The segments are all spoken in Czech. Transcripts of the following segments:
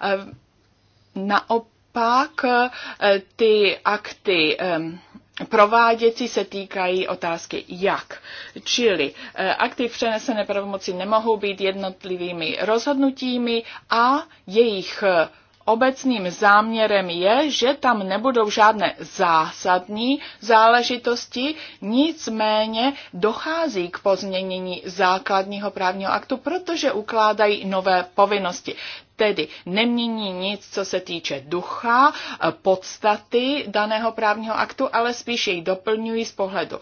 Eh, naopak eh, ty akty prováděcí se týkají otázky jak. Čili eh, akty přenesené pravomoci nemohou být jednotlivými rozhodnutími a jejich obecným záměrem je, že tam nebudou žádné zásadní záležitosti, nicméně dochází k pozměnění základního právního aktu, protože ukládají nové povinnosti tedy nemění nic, co se týče ducha, eh, podstaty daného právního aktu, ale spíš jej doplňují z pohledu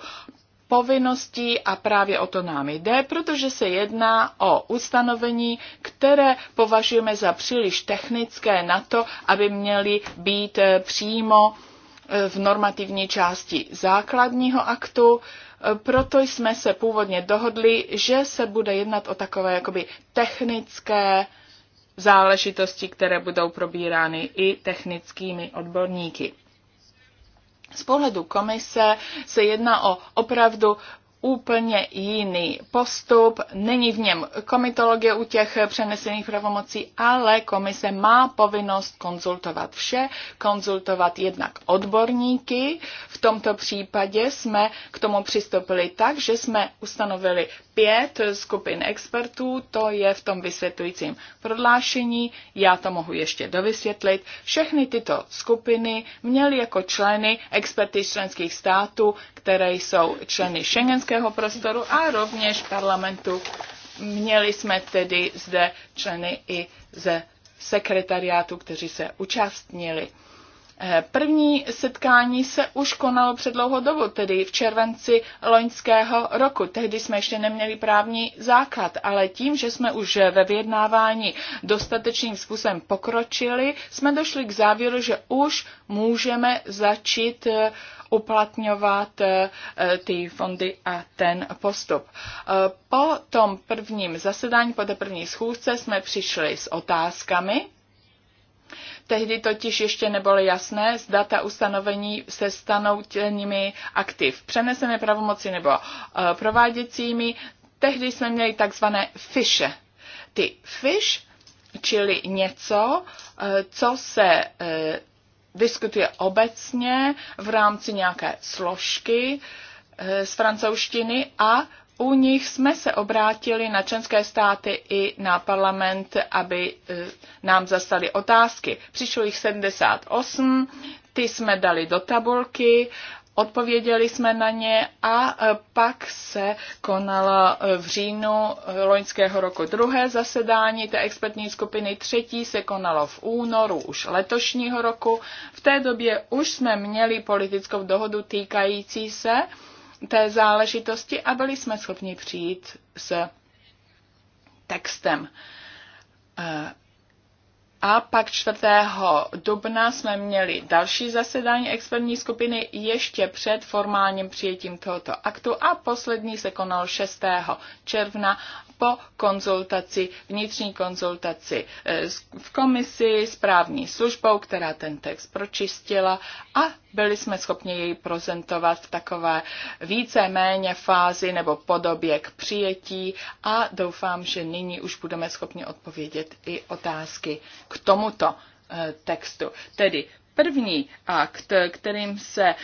povinností a právě o to nám jde, protože se jedná o ustanovení, které považujeme za příliš technické na to, aby měly být eh, přímo eh, v normativní části základního aktu. Proto jsme se původně dohodli, že se bude jednat o takové jakoby technické záležitosti, které budou probírány i technickými odborníky. Z pohledu komise se jedná o opravdu úplně jiný postup, není v něm komitologie u těch přenesených pravomocí, ale komise má povinnost konzultovat vše, konzultovat jednak odborníky. V tomto případě jsme k tomu přistoupili tak, že jsme ustanovili pět skupin expertů, to je v tom vysvětlujícím prohlášení, já to mohu ještě dovysvětlit. Všechny tyto skupiny měly jako členy experty členských států, které jsou členy Schengen šengenského prostoru a rovněž parlamentu. Měli jsme tedy zde členy i ze sekretariátu, kteří se účastnili První setkání se už konalo před dlouhou dobu, tedy v červenci loňského roku. Tehdy jsme ještě neměli právní základ, ale tím, že jsme už ve vyjednávání dostatečným způsobem pokročili, jsme došli k závěru, že už můžeme začít eh, uplatňovat eh, ty fondy a ten postup. Eh, po tom prvním zasedání, po té první schůzce jsme přišli s otázkami, Tehdy totiž ještě nebylo jasné, zda ta ustanovení se stanou tělními aktiv. Přenesené pravomoci nebo eh, prováděcími, tehdy jsme měli takzvané fiše. Ty fiš, čili něco, eh, co se eh, diskutuje obecně v rámci nějaké složky z francouzštiny a u nich jsme se obrátili na členské státy i na parlament, aby e, nám zastali otázky. Přišlo jich 78, ty jsme dali do tabulky, odpověděli jsme na ně a e, pak se konala e, v říjnu loňského roku druhé zasedání té expertní skupiny, třetí se konalo v únoru už letošního roku. V té době už jsme měli politickou dohodu týkající se té záležitosti a byli jsme schopni přijít s textem. Eh, a pak 4. dubna jsme měli další zasedání expertní skupiny ještě před formálním přijetím tohoto aktu a poslední se konal 6. června po konzultaci, vnitřní konzultaci eh, v komisi, s právní službou, která ten text pročistila a byli jsme schopni jej prezentovat v takové více-méně fázi nebo podobě k přijetí a doufám, že nyní už budeme schopni odpovědět i otázky k tomuto eh, textu. Tedy První akt, kterým se e,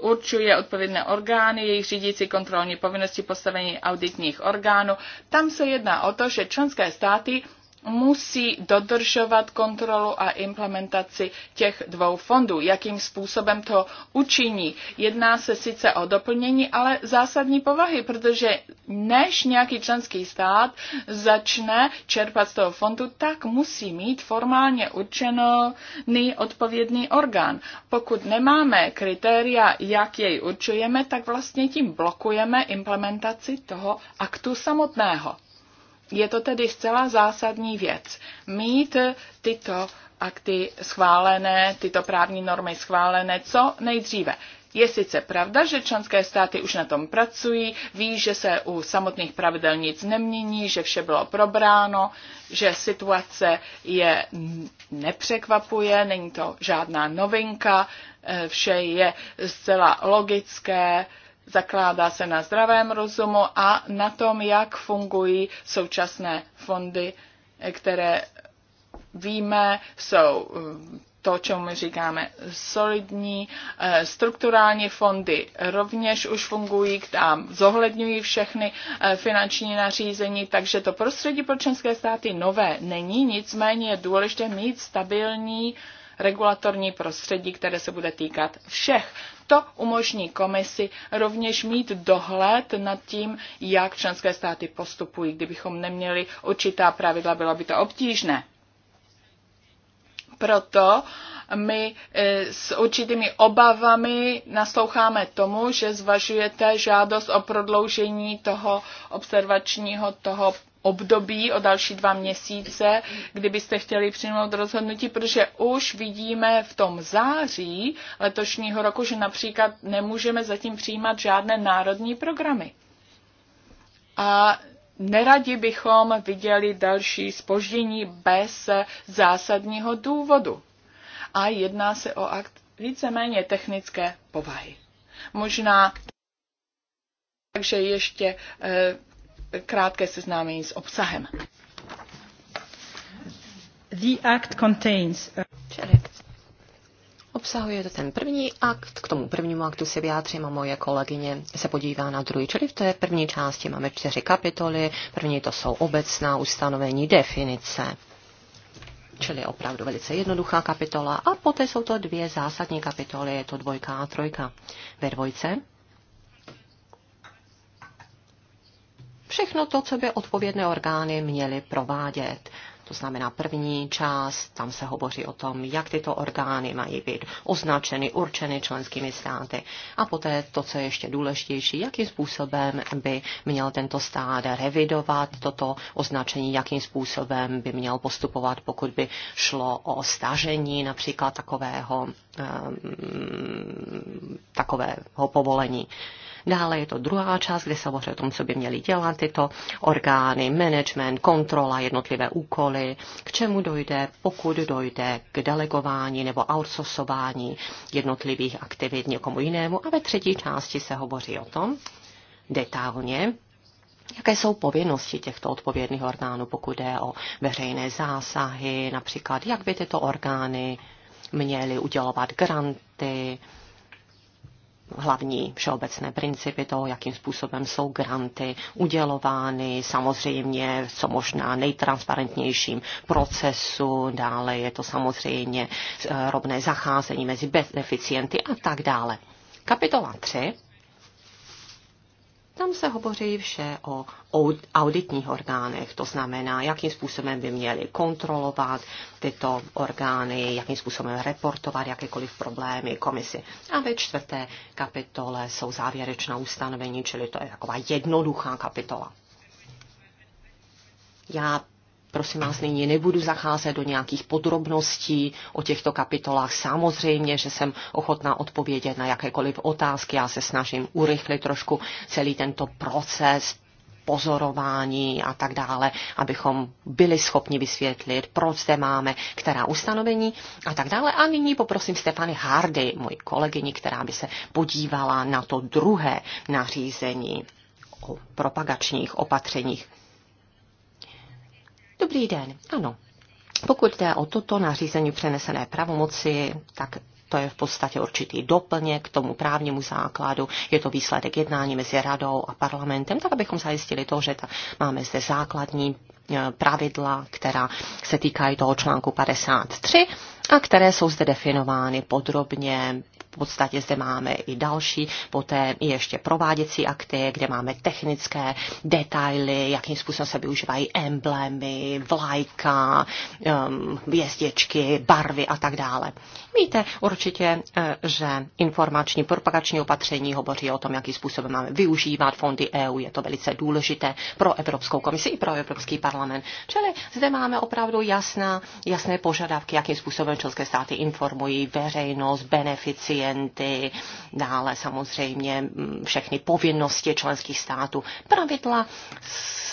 určuje odpovědné orgány, jejich řídící kontrolní povinnosti postavení auditních orgánů, tam se jedná o to, že členské státy musí dodržovat kontrolu a implementaci těch dvou fondů. Jakým způsobem to učiní? Jedná se sice o doplnění, ale zásadní povahy, protože než nějaký členský stát začne čerpat z toho fondu, tak musí mít formálně určený odpovědný orgán. Pokud nemáme kritéria, jak jej určujeme, tak vlastně tím blokujeme implementaci toho aktu samotného. Je to tedy zcela zásadní věc. Mít tyto akty schválené, tyto právní normy schválené co nejdříve. Je sice pravda, že členské státy už na tom pracují, ví, že se u samotných pravidel nic nemění, že vše bylo probráno, že situace je nepřekvapuje, není to žádná novinka, eh, vše je zcela logické, zakládá se na zdravém rozumu a na tom, jak fungují současné fondy, které víme, jsou eh, to, čemu my říkáme solidní. Eh, strukturální fondy rovněž už fungují, tam zohledňují všechny eh, finanční nařízení, takže to prostředí pro členské státy nové není, nicméně je důležité mít stabilní uh, regulatorní prostředí, které se bude týkat všech. To umožní komisi rovněž mít dohled nad tím, jak členské státy postupují. Kdybychom neměli určitá pravidla, bylo by to obtížné. Proto my eh, s určitými obavami nasloucháme tomu, že zvažujete žádost o prodloužení toho observačního, toho období o další dva měsíce, kdybyste chtěli přijmout rozhodnutí, protože už vidíme v tom září letošního roku, že například nemůžeme zatím přijímat žádné národní programy. A neradi bychom viděli další spoždění bez zásadního důvodu. A jedná se o akt víceméně technické povahy. Možná takže ještě eh, krátké seznámení s obsahem. The act contains... obsahuje to ten první akt, k tomu prvnímu aktu se vyjádřím a moje kolegyně se podívá na druhý. Čili v té první části máme čtyři kapitoly, první to jsou obecná ustanovení definice čili opravdu velice jednoduchá kapitola. A poté jsou to dvě zásadní kapitoly, je to dvojka a trojka. Ve dvojce všechno to, co by odpovědné orgány měly provádět. To znamená první část, tam se hovoří o tom, jak tyto orgány mají být označeny, určeny členskými státy. A poté to, co je ještě důležitější, jakým způsobem by měl tento stát revidovat toto označení, jakým způsobem by měl postupovat, pokud by šlo o stažení například takového, um, takového povolení. Dále je to druhá část, kde se hovoří o tom, co by měly dělat tyto orgány, management, kontrola, jednotlivé úkoly, k čemu dojde, pokud dojde k delegování nebo outsourcování jednotlivých aktivit někomu jinému. A ve třetí části se hovoří o tom detailně, Jaké jsou povinnosti těchto odpovědných orgánů, pokud jde o veřejné zásahy, například jak by tyto orgány měly udělovat granty, hlavní všeobecné principy toho, jakým způsobem jsou granty udělovány, samozřejmě co možná nejtransparentnějším procesu, dále je to samozřejmě eh, rovné zacházení mezi beneficienty a tak dále. Kapitola 3 tam se hovoří vše o auditních orgánech, to znamená, jakým způsobem by měli kontrolovat tyto orgány, jakým způsobem reportovat jakékoliv problémy komisi. A ve čtvrté kapitole jsou závěrečná ustanovení, čili to je taková jednoduchá kapitola. Já Prosím vás, nyní nebudu zacházet do nějakých podrobností o těchto kapitolách. Samozřejmě, že jsem ochotná odpovědět na jakékoliv otázky. Já se snažím urychlit trošku celý tento proces pozorování a tak dále, abychom byli schopni vysvětlit, proč zde máme, která ustanovení a tak dále. A nyní poprosím Stefany Hardy, moji kolegyni, která by se podívala na to druhé nařízení o propagačních opatřeních. Dobrý den, ano. Pokud jde o toto nařízení přenesené pravomoci, tak to je v podstatě určitý doplněk k tomu právnímu základu, je to výsledek jednání mezi radou a parlamentem, tak abychom zajistili to, že ta, máme zde základní e, pravidla, která se týkají toho článku 53 a které jsou zde definovány podrobně v podstatě zde máme i další, poté ještě prováděcí akty, kde máme technické detaily, jakým způsobem se využívají emblémy, vlajka, um, hvězdičky, barvy a tak dále. Víte určitě, eh, že informační propagační opatření hovoří o tom, jakým způsobem máme využívat fondy EU. Je to velice důležité pro Evropskou komisi i pro Evropský parlament. Čili zde máme opravdu jasná, jasné požadavky, jakým způsobem členské státy informují veřejnost, benefici klienty, dále samozřejmě mm, všechny povinnosti členských států. Pravidla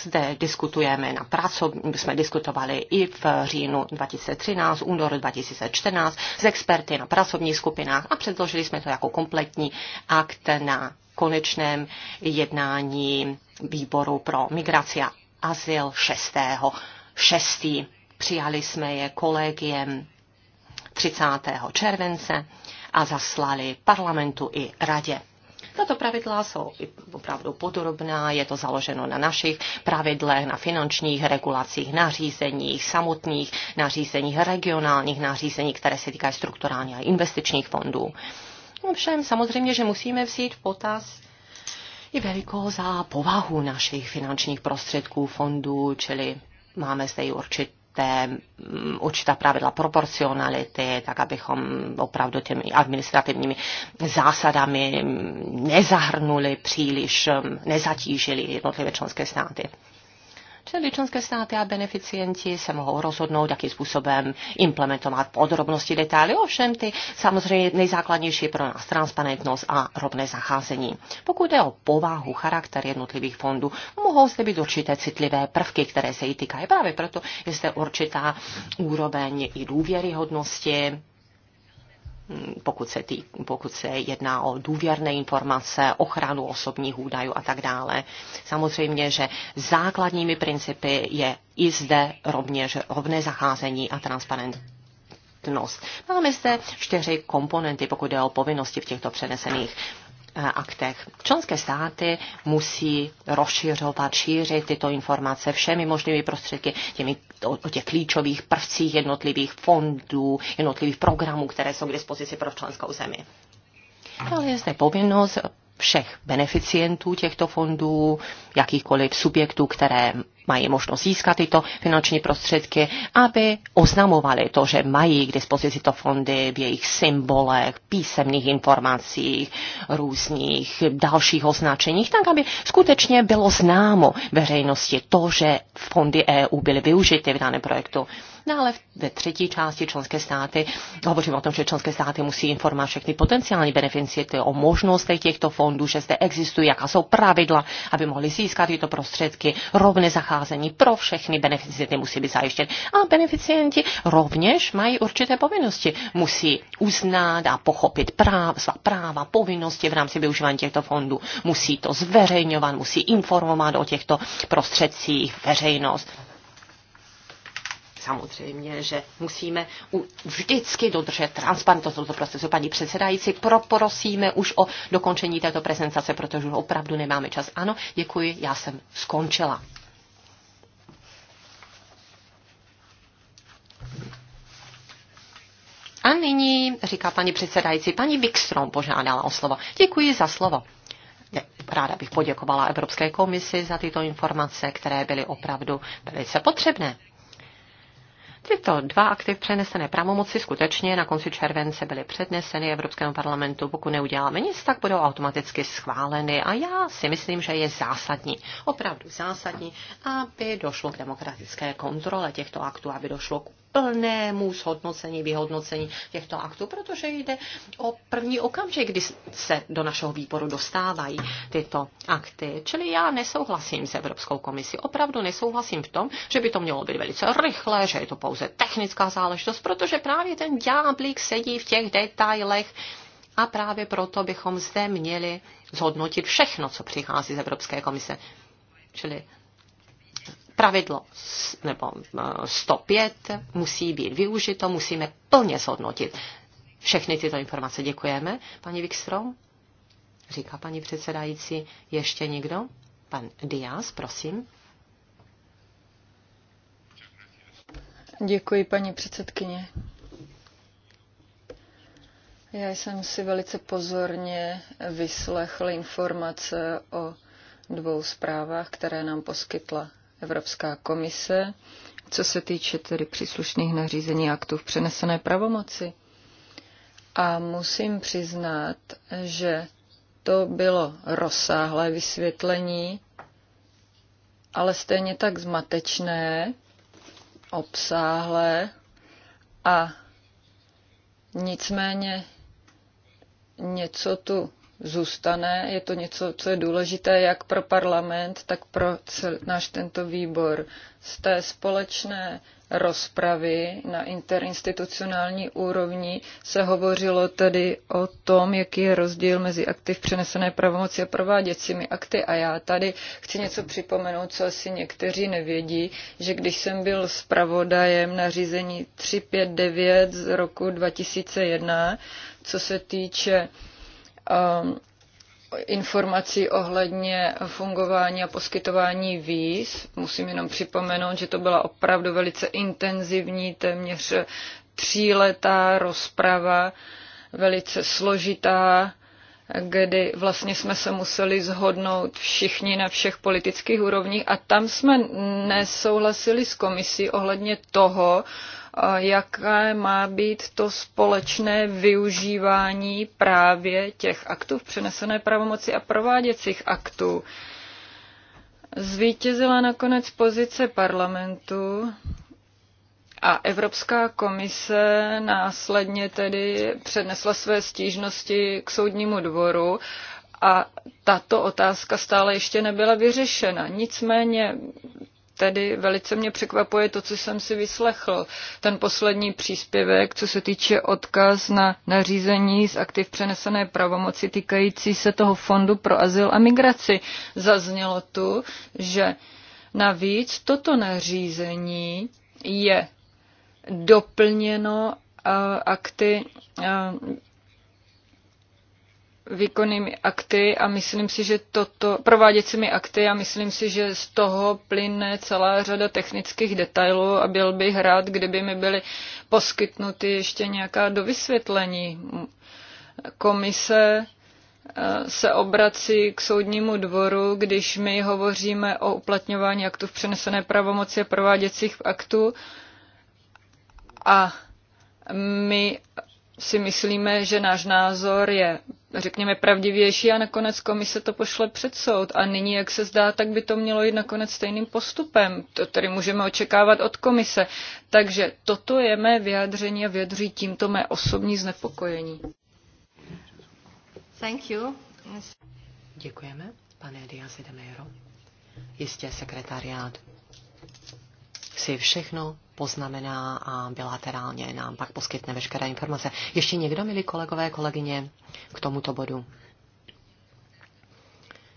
zde diskutujeme na pracovní, jsme diskutovali i v říjnu 2013, únoru 2014 s experty na pracovních skupinách a předložili jsme to jako kompletní akt na konečném jednání výboru pro migraci a azyl 6. 6. Přijali jsme je kolegiem 30. července a zaslali parlamentu i radě. Tato pravidla jsou opravdu podrobná, je to založeno na našich pravidlech, na finančních regulacích, nařízeních, samotných nařízeních, regionálních nařízení, které se týkají strukturálně a investičních fondů. Všem samozřejmě, že musíme vzít v potaz i velikost a povahu našich finančních prostředků, fondů, čili máme zde i určitě určité, mm, určitá pravidla proporcionality, tak abychom opravdu těmi administrativními zásadami nezahrnuli příliš, mm, nezatížili jednotlivé členské státy. Čili členské státy a beneficienti se mohou rozhodnout, jakým způsobem implementovat podrobnosti, detaily, ovšem ty samozřejmě nejzákladnější pro nás transparentnost a rovné zacházení. Pokud jde o povahu, charakter jednotlivých fondů, mohou zde být určité citlivé prvky, které se jí týkají. Právě proto je zde určitá úroveň i důvěryhodnosti, pokud se, tý, pokud se jedná o důvěrné informace, ochranu osobních údajů a tak dále. Samozřejmě, že základními principy je i zde rovněž rovné zacházení a transparentnost Máme zde čtyři komponenty, pokud jde o povinnosti v těchto přenesených Eh, aktech. Členské státy musí rozšiřovat, šířit tyto informace všemi možnými prostředky těmi, o, o těch klíčových prvcích jednotlivých fondů, jednotlivých programů, které jsou k dispozici pro členskou zemi. Ale je zde povinnost všech beneficientů těchto fondů, jakýchkoliv subjektů, které mají možnost získat tyto finanční prostředky, aby oznamovali to, že mají k dispozici to fondy v jejich symbolech, písemných informacích, různých dalších označeních, tak aby skutečně bylo známo veřejnosti to, že fondy EU byly využity v daném projektu. Dále no ve třetí části členské státy hovořím o tom, že členské státy musí informovat všechny potenciální beneficienty o možnostech těchto fondů, že zde existují, jaká jsou pravidla, aby mohli získat tyto prostředky, rovně zacházet zacházení pro všechny beneficienty musí být zajištěn. A beneficienti rovněž mají určité povinnosti. Musí uznat a pochopit práv, svá práva, povinnosti v rámci využívání těchto fondů. Musí to zveřejňovat, musí informovat o těchto prostředcích veřejnost samozřejmě, že musíme vždycky dodržet transparentnost tohoto procesu. Paní předsedající, poprosíme už o dokončení této prezentace, protože už opravdu nemáme čas. Ano, děkuji, já jsem skončila. A nyní, říká paní předsedající, paní Wikström požádala o slovo. Děkuji za slovo. Ráda bych poděkovala Evropské komisi za tyto informace, které byly opravdu velice potřebné. Tyto dva v přenesené pravomoci skutečně na konci července byly předneseny Evropskému parlamentu. Pokud neuděláme nic, tak budou automaticky schváleny a já si myslím, že je zásadní, opravdu zásadní, aby došlo k demokratické kontrole těchto aktů, aby došlo k plnému shodnocení, vyhodnocení těchto aktů, protože jde o první okamžik, kdy se do našeho výboru dostávají tyto akty. Čili já nesouhlasím s Evropskou komisí. Opravdu nesouhlasím v tom, že by to mělo být velice rychle, že je to pouze technická záležitost, protože právě ten dňáblík sedí v těch detailech, a právě proto bychom zde měli zhodnotit všechno, co přichází z Evropské komise. Čili pravidlo nebo 105 eh, musí být využito, musíme plně zhodnotit všechny tyto informace. Děkujeme, paní Wikstrom. Říká paní předsedající, ještě někdo? Pan Diaz, prosím. Děkuji, paní předsedkyně. Já jsem si velice pozorně vyslechl informace o dvou zprávách, které nám poskytla Evropská komise, co se týče tedy příslušných nařízení aktů v přenesené pravomoci. A musím přiznat, že to bylo rozsáhlé vysvětlení, ale stejně tak zmatečné, obsáhlé a nicméně něco tu zůstane. Je to něco, co je důležité jak pro parlament, tak pro cel, náš tento výbor. Z té společné rozpravy na interinstitucionální úrovni se hovořilo tedy o tom, jaký je rozdíl mezi akty v přenesené pravomoci a prováděcími akty. A já tady chci něco připomenout, co asi někteří nevědí, že když jsem byl zpravodajem na řízení 359 z roku 2001, co se týče Um, informací ohledně fungování a poskytování víz. Musím jenom připomenout, že to byla opravdu velice intenzivní, téměř tříletá rozprava, velice složitá, kdy vlastně jsme se museli zhodnout všichni na všech politických úrovních a tam jsme nesouhlasili s komisí ohledně toho, jaké má být to společné využívání právě těch aktů v přenesené pravomoci a prováděcích aktů. Zvítězila nakonec pozice parlamentu a Evropská komise následně tedy přednesla své stížnosti k soudnímu dvoru a tato otázka stále ještě nebyla vyřešena. Nicméně tedy velice mě překvapuje to, co jsem si vyslechl. Ten poslední příspěvek, co se týče odkaz na nařízení z aktiv přenesené pravomoci týkající se toho fondu pro azyl a migraci. Zaznělo tu, že navíc toto nařízení je doplněno eh, akty eh, výkonnými akty a myslím si, že toto, prováděcími akty a myslím si, že z toho plyne celá řada technických detailů a byl bych rád, kdyby mi byly poskytnuty ještě nějaká dovysvětlení. Komise eh, se obrací k soudnímu dvoru, když my hovoříme o uplatňování aktů v přenesené pravomoci a prováděcích aktů a my si myslíme, že náš názor je, řekněme, pravdivější a nakonec komise to pošle před soud. A nyní, jak se zdá, tak by to mělo jít nakonec stejným postupem. To tedy můžeme očekávat od komise. Takže toto je mé vyjádření a vyjadří tímto mé osobní znepokojení. Thank you. Děkujeme, pane Diaz de Mero. Jistě sekretariát si všechno poznamená a bilaterálně nám pak poskytne veškeré informace. Ještě někdo, milí kolegové, kolegyně, k tomuto bodu?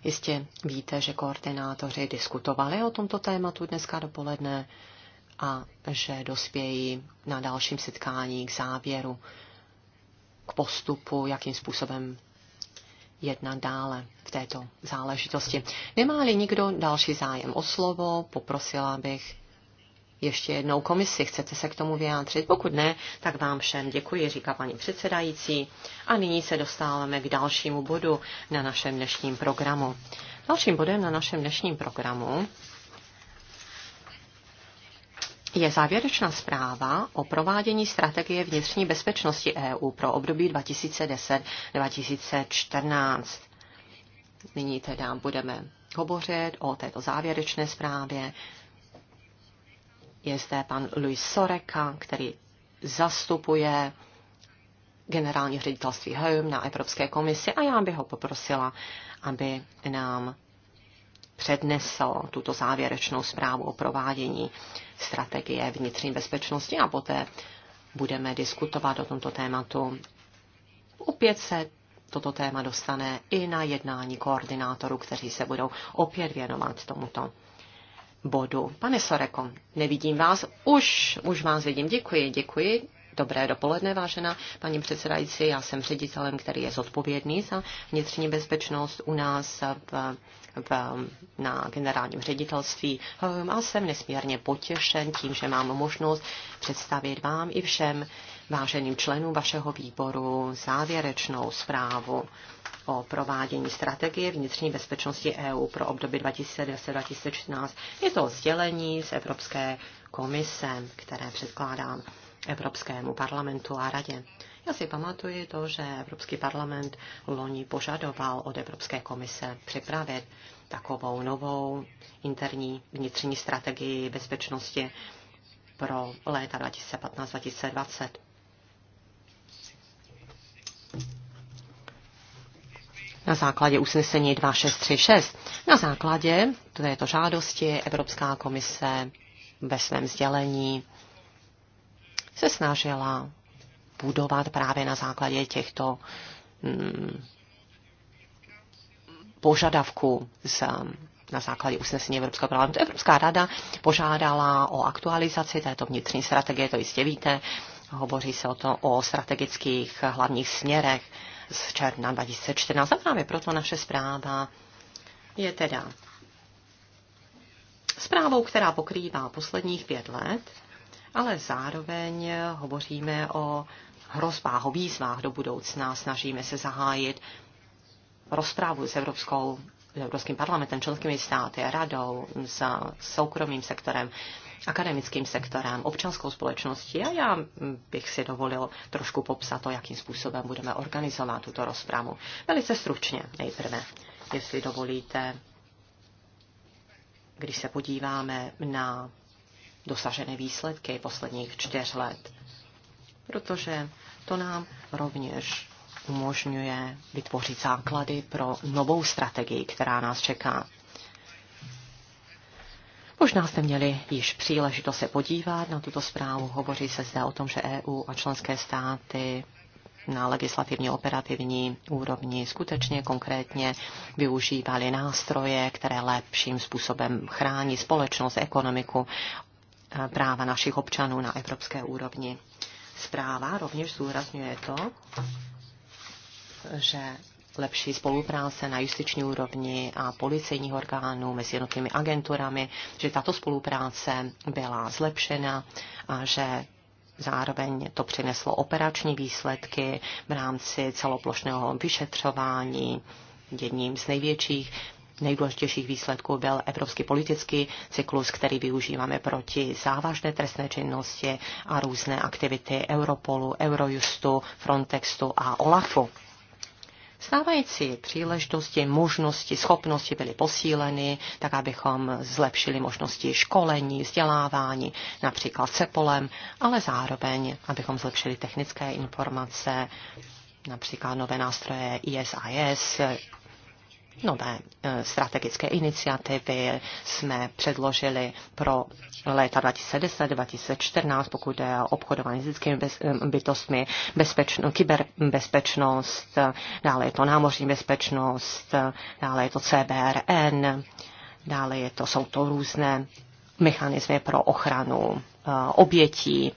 Jistě víte, že koordinátoři diskutovali o tomto tématu dneska dopoledne a že dospějí na dalším setkání k závěru, k postupu, jakým způsobem jednat dále v této záležitosti. Nemá-li nikdo další zájem o slovo, poprosila bych ještě jednou komisi. Chcete se k tomu vyjádřit? Pokud ne, tak vám všem děkuji, říká paní předsedající. A nyní se dostáváme k dalšímu bodu na našem dnešním programu. Dalším bodem na našem dnešním programu je závěrečná zpráva o provádění strategie vnitřní bezpečnosti EU pro období 2010-2014. Nyní teda budeme hovořit o této závěrečné zprávě. Je zde pan Luis Soreka, který zastupuje generální ředitelství Home na Evropské komisi a já bych ho poprosila, aby nám přednesl tuto závěrečnou zprávu o provádění strategie vnitřní bezpečnosti a poté budeme diskutovat o tomto tématu. Opět se toto téma dostane i na jednání koordinátorů, kteří se budou opět věnovat tomuto bodu. Pane Soreko, nevidím vás. Už, už vás vidím. Děkuji, děkuji. Dobré dopoledne, vážená paní předsedající. Já jsem ředitelem, který je zodpovědný za vnitřní bezpečnost u nás v, v, na generálním ředitelství a jsem nesmírně potěšen tím, že mám možnost představit vám i všem váženým členům vašeho výboru závěrečnou zprávu o provádění strategie vnitřní bezpečnosti EU pro období 2010-2014. Je to sdělení z Evropské komise, které předkládám Evropskému parlamentu a radě. Já si pamatuji to, že Evropský parlament loni požadoval od Evropské komise připravit takovou novou interní vnitřní strategii bezpečnosti pro léta 2015-2020. na základě usnesení 2636. Na základě této žádosti Evropská komise ve svém sdělení se snažila budovat právě na základě těchto hmm, požadavků z na základě usnesení Evropského parlamentu. Evropská rada požádala o aktualizaci této vnitřní strategie, to jistě víte. Hovoří se o, to, o strategických hlavních směrech z června 2014. A právě proto naše zpráva je teda zprávou, která pokrývá posledních pět let, ale zároveň hovoříme o hrozbách, o výzvách do budoucna. Snažíme se zahájit rozprávu s Evropskou Evropským parlamentem, členskými státy, radou, s soukromým sektorem, akademickým sektorem, občanskou společností a já bych si dovolil trošku popsat to, jakým způsobem budeme organizovat tuto rozpravu. Velice stručně nejprve, jestli dovolíte, když se podíváme na dosažené výsledky posledních čtyř let, protože to nám rovněž umožňuje vytvořit základy pro novou strategii, která nás čeká. Možná jste měli již příležitost se podívat na tuto zprávu. Hovoří se zde o tom, že EU a členské státy na legislativní operativní úrovni skutečně konkrétně využívali nástroje, které lepším způsobem chrání společnost, ekonomiku, práva našich občanů na evropské úrovni. Zpráva rovněž zúraznuje to, že lepší spolupráce na justiční úrovni a policejních orgánů mezi jednotlivými agenturami, že tato spolupráce byla zlepšena a že Zároveň to přineslo operační výsledky v rámci celoplošného vyšetřování. Jedním z největších nejdůležitějších výsledků byl evropský politický cyklus, který využíváme proti závažné trestné činnosti a různé aktivity Europolu, Eurojustu, Frontextu a OLAFu. Stávající příležitosti, možnosti, schopnosti byly posíleny, tak abychom zlepšili možnosti školení, vzdělávání, například CEPOLem, ale zároveň, abychom zlepšili technické informace, například nové nástroje ISIS, nové eh, strategické iniciativy jsme předložili pro léta 2010-2014, pokud je o obchodování s lidskými eh, bytostmi, bezpečno, kyberbezpečnost, eh, dále je to námořní bezpečnost, dále je to CBRN, dále je to, jsou to různé mechanismy pro ochranu obětí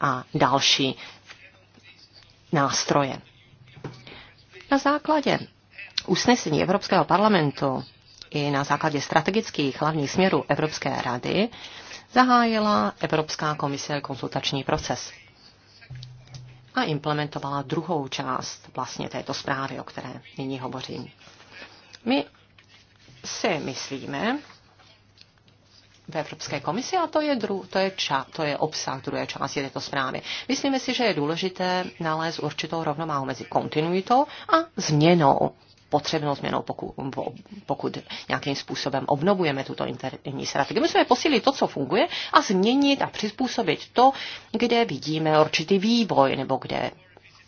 a další nástroje. Na základě usnesení Evropského parlamentu i na základě strategických hlavních směrů Evropské rady zahájila Evropská komise konzultační proces a implementovala druhou část vlastně této zprávy, o které nyní hovořím. My si myslíme v Evropské komisi, a to je, dru, to, je ča, to je obsah druhé části této zprávy, myslíme si, že je důležité nalézt určitou rovnováhu mezi kontinuitou a změnou potřebnou změnou, pokud, pokud nějakým způsobem obnovujeme tuto interní strategii. Musíme posílit to, co funguje a změnit a přizpůsobit to, kde vidíme určitý vývoj nebo kde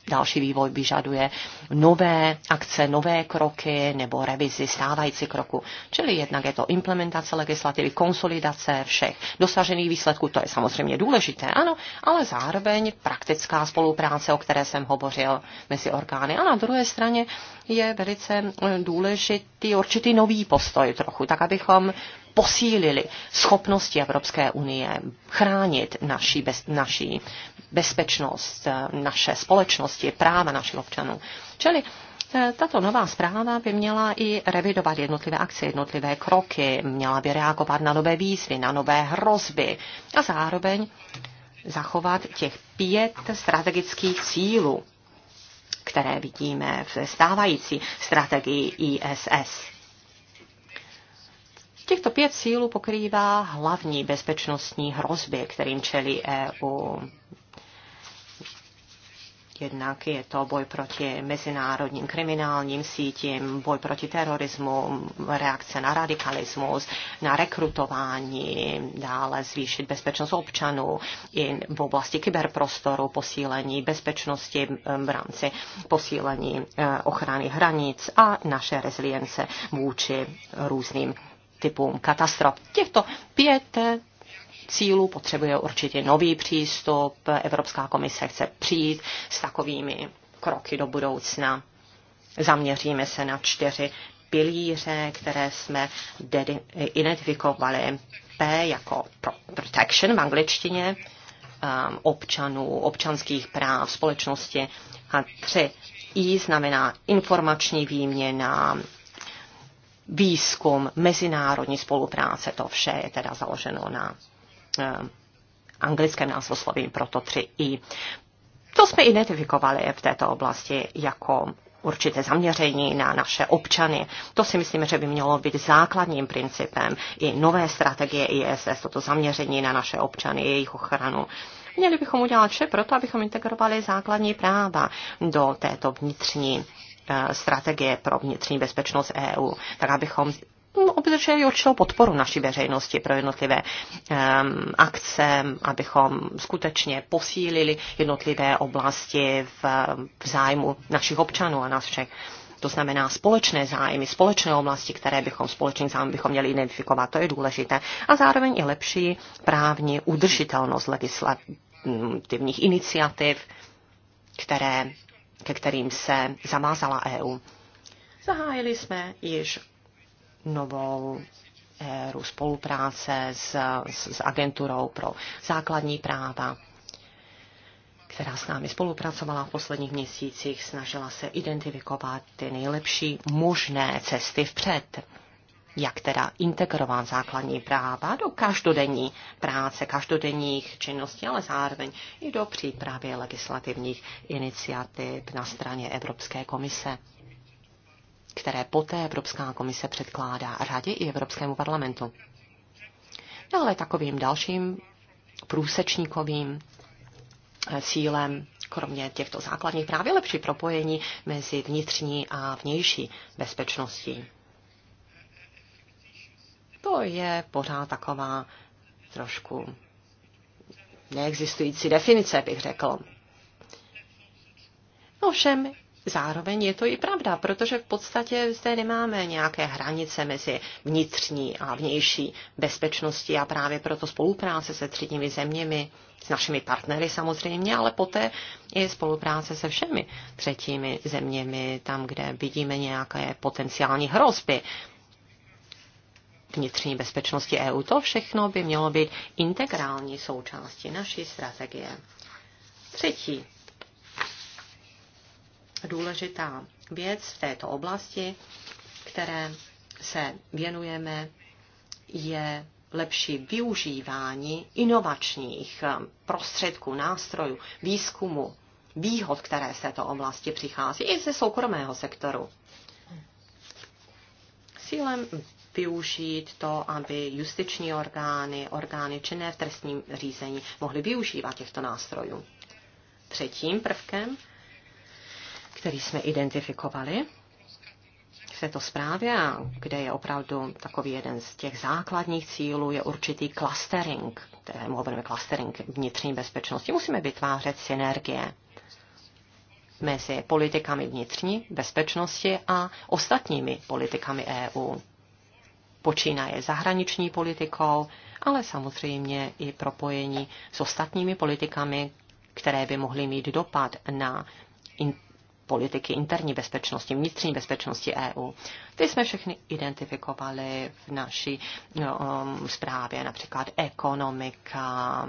další vývoj vyžaduje nové akce, nové kroky nebo revizi stávající kroku. Čili jednak je to implementace legislativy, konsolidace všech dosažených výsledků, to je samozřejmě důležité, ano, ale zároveň praktická spolupráce, o které jsem hovořil mezi orgány. A na druhé straně je velice důležitý určitý nový postoj trochu, tak abychom posílili schopnosti Evropské unie chránit naší, bez, naši bezpečnost, eh, naše společnosti, práva našich občanů. Čili eh, tato nová zpráva by měla i revidovat jednotlivé akce, jednotlivé kroky, měla by reagovat na nové výzvy, na nové hrozby a zároveň zachovat těch pět strategických cílů, které vidíme v stávající strategii ISS. Těchto pět cílů pokrývá hlavní bezpečnostní hrozby, kterým čelí EU. Jednak je to boj proti mezinárodním kriminálním sítím, boj proti terorismu, reakce na radikalismus, na rekrutování, dále zvýšit bezpečnost občanů i v oblasti kyberprostoru, posílení bezpečnosti v rámci posílení eh, ochrany hranic a naše rezilience vůči různým typům katastrof. Těchto pět cílů potřebuje určitě nový přístup. Evropská komise chce přijít s takovými kroky do budoucna. Zaměříme se na čtyři pilíře, které jsme identifikovali. P jako protection v angličtině, um, občanů, občanských práv, společnosti. A tři I znamená informační výměna, výzkum, mezinárodní spolupráce, to vše je teda založeno na eh, anglickém názvosloví, proto 3i. To jsme identifikovali v této oblasti jako určité zaměření na naše občany. To si myslím, že by mělo být základním principem i nové strategie ISS, toto zaměření na naše občany, jejich ochranu. Měli bychom udělat vše proto, abychom integrovali základní práva do této vnitřní E, strategie pro vnitřní bezpečnost EU, tak abychom hm, obdrželi určitou podporu naší veřejnosti pro jednotlivé um, akce, abychom skutečně posílili jednotlivé oblasti v, v zájmu našich občanů a nás všech. To znamená společné zájmy, společné oblasti, které bychom společným zájmem bychom měli identifikovat, to je důležité. A zároveň i lepší právní udržitelnost legislativních iniciativ, které ke kterým se zamázala EU. Zahájili jsme již novou éru spolupráce s, s, s agenturou pro základní práva, která s námi spolupracovala v posledních měsících, snažila se identifikovat ty nejlepší možné cesty vpřed jak teda integrovat základní práva do každodenní práce, každodenních činností, ale zároveň i do přípravy legislativních iniciativ na straně Evropské komise které poté Evropská komise předkládá Radě i Evropskému parlamentu. Ale takovým dalším průsečníkovým eh, cílem, kromě těchto základních práv, je lepší propojení mezi vnitřní a vnější bezpečností to je pořád taková trošku neexistující definice, bych řekl. všem, zároveň je to i pravda, protože v podstatě zde nemáme nějaké hranice mezi vnitřní a vnější bezpečností a právě proto spolupráce se třetími zeměmi, s našimi partnery samozřejmě, ale poté i spolupráce se všemi třetími zeměmi, tam, kde vidíme nějaké potenciální hrozby vnitřní bezpečnosti EU. To všechno by mělo být integrální součástí naší strategie. Třetí důležitá věc v této oblasti, které se věnujeme, je lepší využívání inovačních eh, prostředků, nástrojů, výzkumu, výhod, které z této oblasti přichází, i ze soukromého sektoru. Cílem využít to, aby justiční orgány, orgány činné v trestním řízení mohly využívat těchto nástrojů. Třetím prvkem, který jsme identifikovali v této zprávě, kde je opravdu takový jeden z těch základních cílů, je určitý clustering, kterému hovoríme clustering vnitřní bezpečnosti. Musíme vytvářet synergie mezi politikami vnitřní bezpečnosti a ostatními politikami EU počínaje zahraniční politikou, ale samozřejmě i propojení s ostatními politikami, které by mohly mít dopad na in- politiky interní bezpečnosti, vnitřní bezpečnosti EU. Ty jsme všechny identifikovali v naší no, um, zprávě, například ekonomika,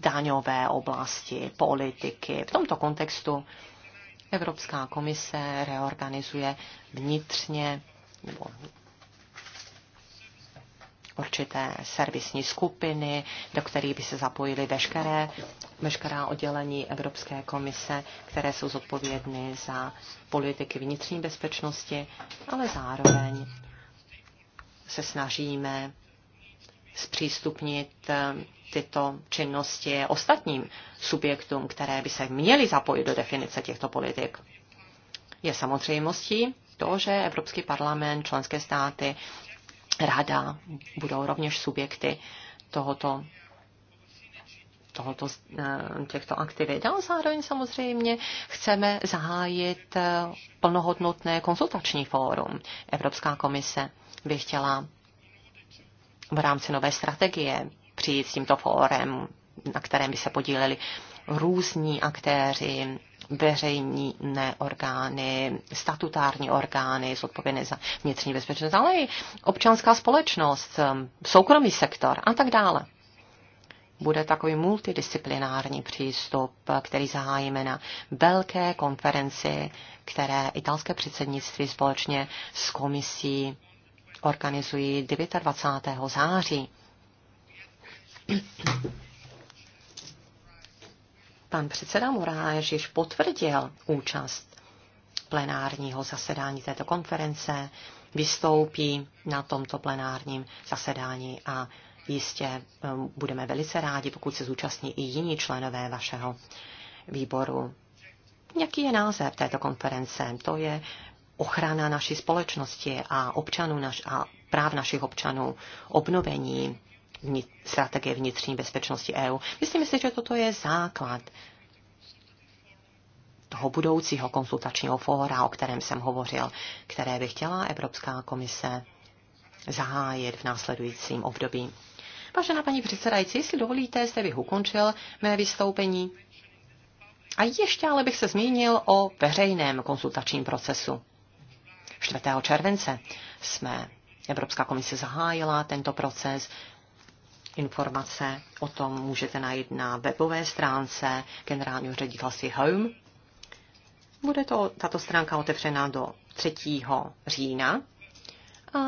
daňové oblasti, politiky. V tomto kontextu Evropská komise reorganizuje vnitřně nebo určité servisní skupiny, do kterých by se zapojily veškeré, veškerá oddělení Evropské komise, které jsou zodpovědny za politiky vnitřní bezpečnosti, ale zároveň se snažíme zpřístupnit eh, tyto činnosti ostatním subjektům, které by se měly zapojit do definice těchto politik. Je samozřejmostí, to, že Evropský parlament, členské státy rada budou rovněž subjekty tohoto tohoto, eh, těchto aktivit. A zároveň samozřejmě chceme zahájit eh, plnohodnotné konzultační fórum. Evropská komise by chtěla v rámci nové strategie přijít s tímto fórem, na kterém by se podíleli různí aktéři, veřejní orgány, statutární orgány, zodpovědné za vnitřní bezpečnost, ale i občanská společnost, um, soukromý sektor a tak dále. Bude takový multidisciplinární přístup, který zahájíme na velké konferenci, které italské předsednictví společně s komisí organizují 29. září. Pan předseda Moráš již potvrdil účast plenárního zasedání této konference, vystoupí na tomto plenárním zasedání a jistě ehm, budeme velice rádi, pokud se zúčastní i jiní členové vašeho výboru. Jaký je název této konference? To je ochrana naší společnosti a občanů naš, a práv našich občanů, obnovení strategie vnitřní bezpečnosti EU. Myslím si, že toto je základ toho budoucího konsultačního fóra, o kterém jsem hovořil, které by chtěla Evropská komise zahájit v následujícím období. Vážená paní předsedající, jestli dovolíte, jste bych ukončil mé vystoupení. A ještě ale bych se zmínil o veřejném konsultačním procesu. 4. července jsme Evropská komise zahájila tento proces Informace o tom můžete najít na webové stránce generálního ředitelství Home. Bude to tato stránka otevřena do 3. října a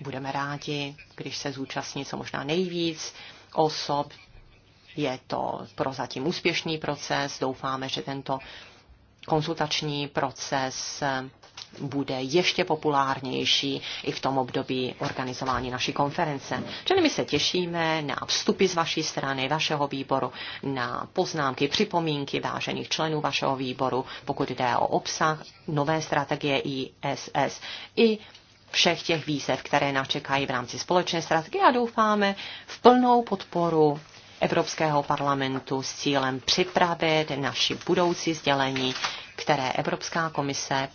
budeme rádi, když se zúčastní co možná nejvíc osob. Je to prozatím úspěšný proces. Doufáme, že tento konzultační proces bude ještě populárnější i v tom období organizování naší konference. Čili my se těšíme na vstupy z vaší strany, vašeho výboru, na poznámky, připomínky vážených členů vašeho výboru, pokud jde o obsah nové strategie ISS i všech těch výzev, které nás čekají v rámci společné strategie a doufáme v plnou podporu Evropského parlamentu s cílem připravit naši budoucí sdělení, které Evropská komise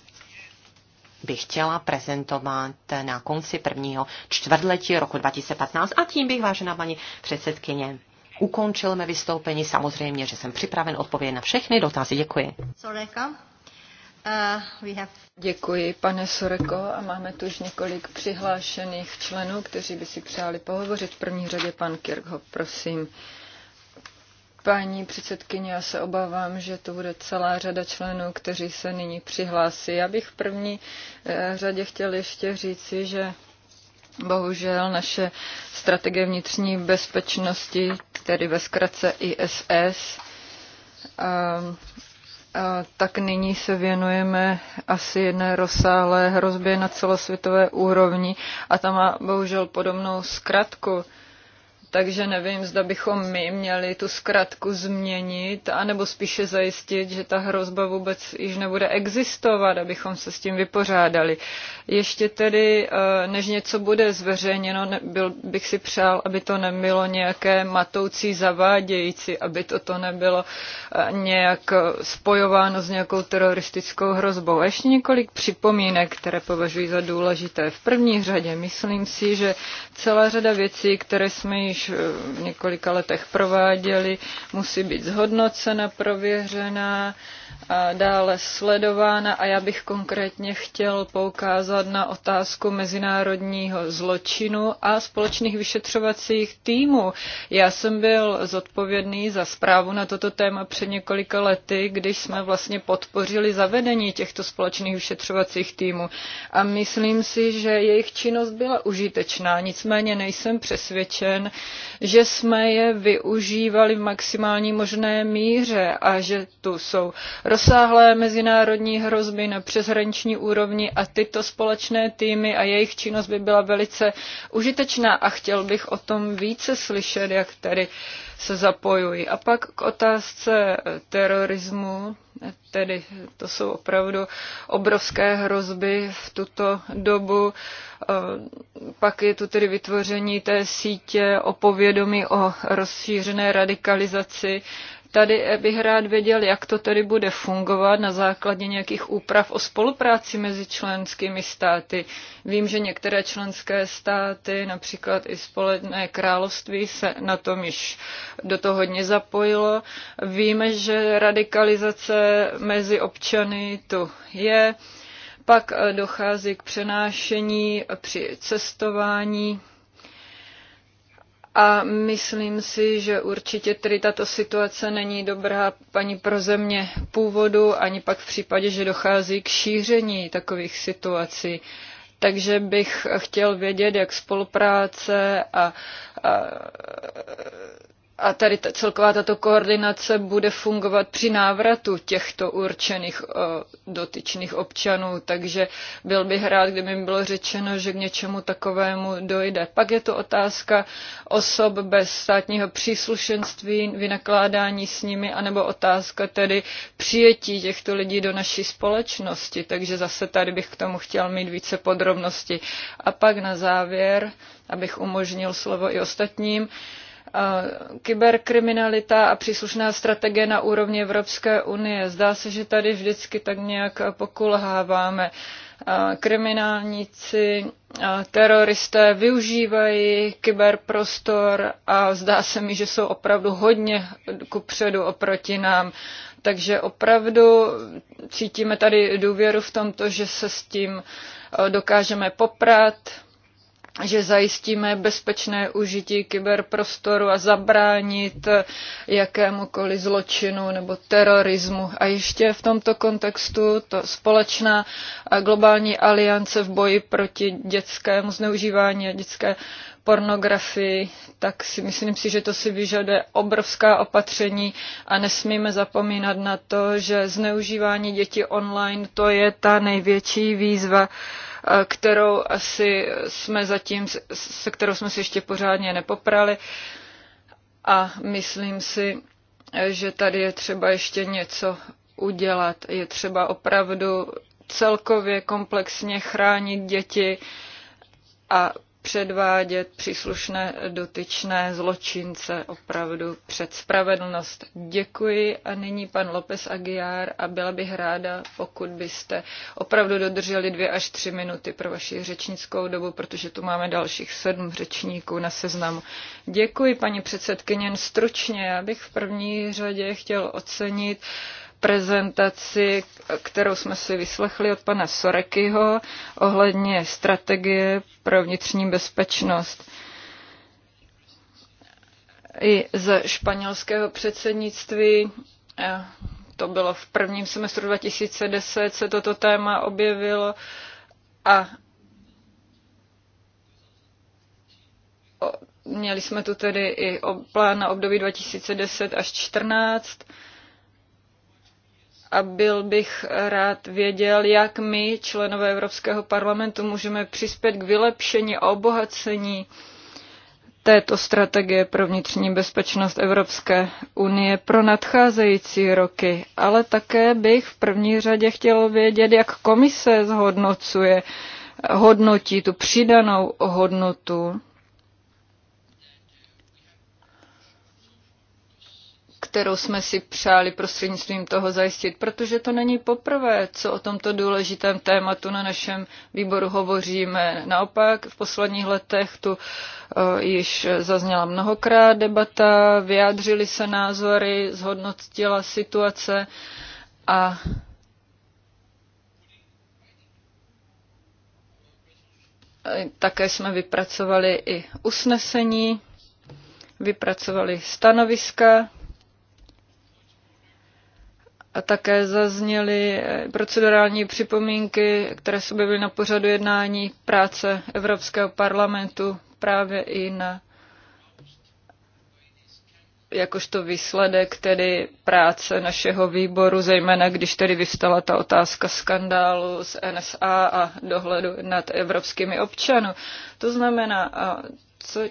bych chtěla prezentovat na konci prvního čtvrtletí roku 2015 a tím bych, vážená paní předsedkyně, ukončil mé vystoupení. Samozřejmě, že jsem připraven odpovědět na všechny dotazy. Děkuji. Soreka. Uh, have... Děkuji, pane Soreko, a máme tu už několik přihlášených členů, kteří by si přáli pohovořit. V první řadě pan Kirchhoff, prosím. Paní předsedkyně, já se obávám, že to bude celá řada členů, kteří se nyní přihlásí. Já bych v první eh, řadě chtěl ještě říci, že bohužel naše strategie vnitřní bezpečnosti, tedy ve zkratce ISS, a, ehm, a, tak nyní se věnujeme asi jedné rozsáhlé hrozbě na celosvětové úrovni a ta má bohužel podobnou zkratku takže nevím, zda bychom my měli tu zkratku změnit, anebo spíše zajistit, že ta hrozba vůbec již nebude existovat, abychom se s tím vypořádali. Ještě tedy, eh, než něco bude zveřejněno, byl, bych si přál, aby to nebylo nějaké matoucí zavádějící, aby toto nebylo eh, nějak eh, spojováno s nějakou teroristickou hrozbou. A ještě několik připomínek, které považuji za důležité. V první řadě myslím si, že celá řada věcí, které jsme již Eh, v několika letech prováděli, musí být zhodnocena, prověřena dále sledována a já bych konkrétně chtěl poukázat na otázku mezinárodního zločinu a společných vyšetřovacích týmů. Já jsem byl zodpovědný za zprávu na toto téma před několika lety, když jsme vlastně podpořili zavedení těchto společných vyšetřovacích týmů a myslím si, že jejich činnost byla užitečná, nicméně nejsem přesvědčen, že jsme je využívali v maximální možné míře a že tu jsou rozsáhlé mezinárodní hrozby na přeshraniční úrovni a tyto společné týmy a jejich činnost by byla velice užitečná a chtěl bych o tom více slyšet, jak tady se zapojují. A pak k otázce eh, terorismu, eh, tedy to jsou opravdu obrovské hrozby v tuto dobu. Eh, pak je tu tedy vytvoření té sítě o povědomí o rozšířené radikalizaci Tady bych rád věděl, jak to tedy bude fungovat na základě nějakých úprav o spolupráci mezi členskými státy. Vím, že některé členské státy, například i společné království, se na tom již do toho hodně zapojilo. Víme, že radikalizace mezi občany tu je. Pak dochází k přenášení při cestování a myslím si, že určitě tedy tato situace není dobrá ani pro země původu, ani pak v případě, že dochází k šíření takových situací. Takže bych chtěl vědět, jak spolupráce a, a a tady ta, celková tato koordinace bude fungovat při návratu těchto určených o, dotyčných občanů, takže byl bych rád, kdyby mi bylo řečeno, že k něčemu takovému dojde. Pak je to otázka osob bez státního příslušenství, vynakládání s nimi, anebo otázka tedy přijetí těchto lidí do naší společnosti, takže zase tady bych k tomu chtěl mít více podrobnosti. A pak na závěr, abych umožnil slovo i ostatním, kyberkriminalita a příslušná strategie na úrovni Evropské unie. Zdá se, že tady vždycky tak nějak pokulháváme. Kriminálníci, teroristé využívají kyberprostor a zdá se mi, že jsou opravdu hodně kupředu oproti nám. Takže opravdu cítíme tady důvěru v tomto, že se s tím dokážeme poprat, že zajistíme bezpečné užití kyberprostoru a zabránit jakémukoliv zločinu nebo terorismu. A ještě v tomto kontextu to společná globální aliance v boji proti dětskému zneužívání a dětské pornografii, tak si myslím si, že to si vyžaduje obrovská opatření a nesmíme zapomínat na to, že zneužívání dětí online to je ta největší výzva, Eh, kterou asi jsme zatím, se kterou jsme si ještě pořádně nepoprali. A myslím si, eh, že tady je třeba ještě něco udělat. Je třeba opravdu celkově komplexně chránit děti a předvádět příslušné dotyčné zločince opravdu před spravedlnost. Děkuji a nyní pan López Aguiar a byla bych ráda, pokud byste opravdu dodrželi dvě až tři minuty pro vaši řečnickou dobu, protože tu máme dalších sedm řečníků na seznamu. Děkuji, paní předsedkyně, stručně. Já bych v první řadě chtěl ocenit uh, prezentaci, kterou jsme si vyslechli od pana Sorekyho ohledně strategie pro vnitřní bezpečnost. I ze španělského předsednictví eh, to bylo v prvním semestru 2010, se toto téma objevilo a měli jsme tu tedy i plán na období 2010 až 2014 a byl bych rád věděl, jak my, členové Evropského parlamentu, můžeme přispět k vylepšení a obohacení této strategie pro vnitřní bezpečnost Evropské unie pro nadcházející roky. Ale také bych v první řadě chtěl vědět, jak komise zhodnocuje, hodnotí tu přidanou hodnotu kterou jsme si přáli prostřednictvím toho zajistit, protože to není poprvé, co o tomto důležitém tématu na našem výboru hovoříme. Naopak v posledních letech tu uh, již zazněla mnohokrát debata, vyjádřili se názory, zhodnotila situace a Také jsme vypracovali i usnesení, vypracovali stanoviska a také zazněly eh, procedurální připomínky, které se objevily na pořadu jednání práce Evropského parlamentu právě i na jakožto výsledek tedy práce našeho výboru, zejména když tedy vystala ta otázka skandálu z NSA a dohledu nad evropskými občany. To znamená, co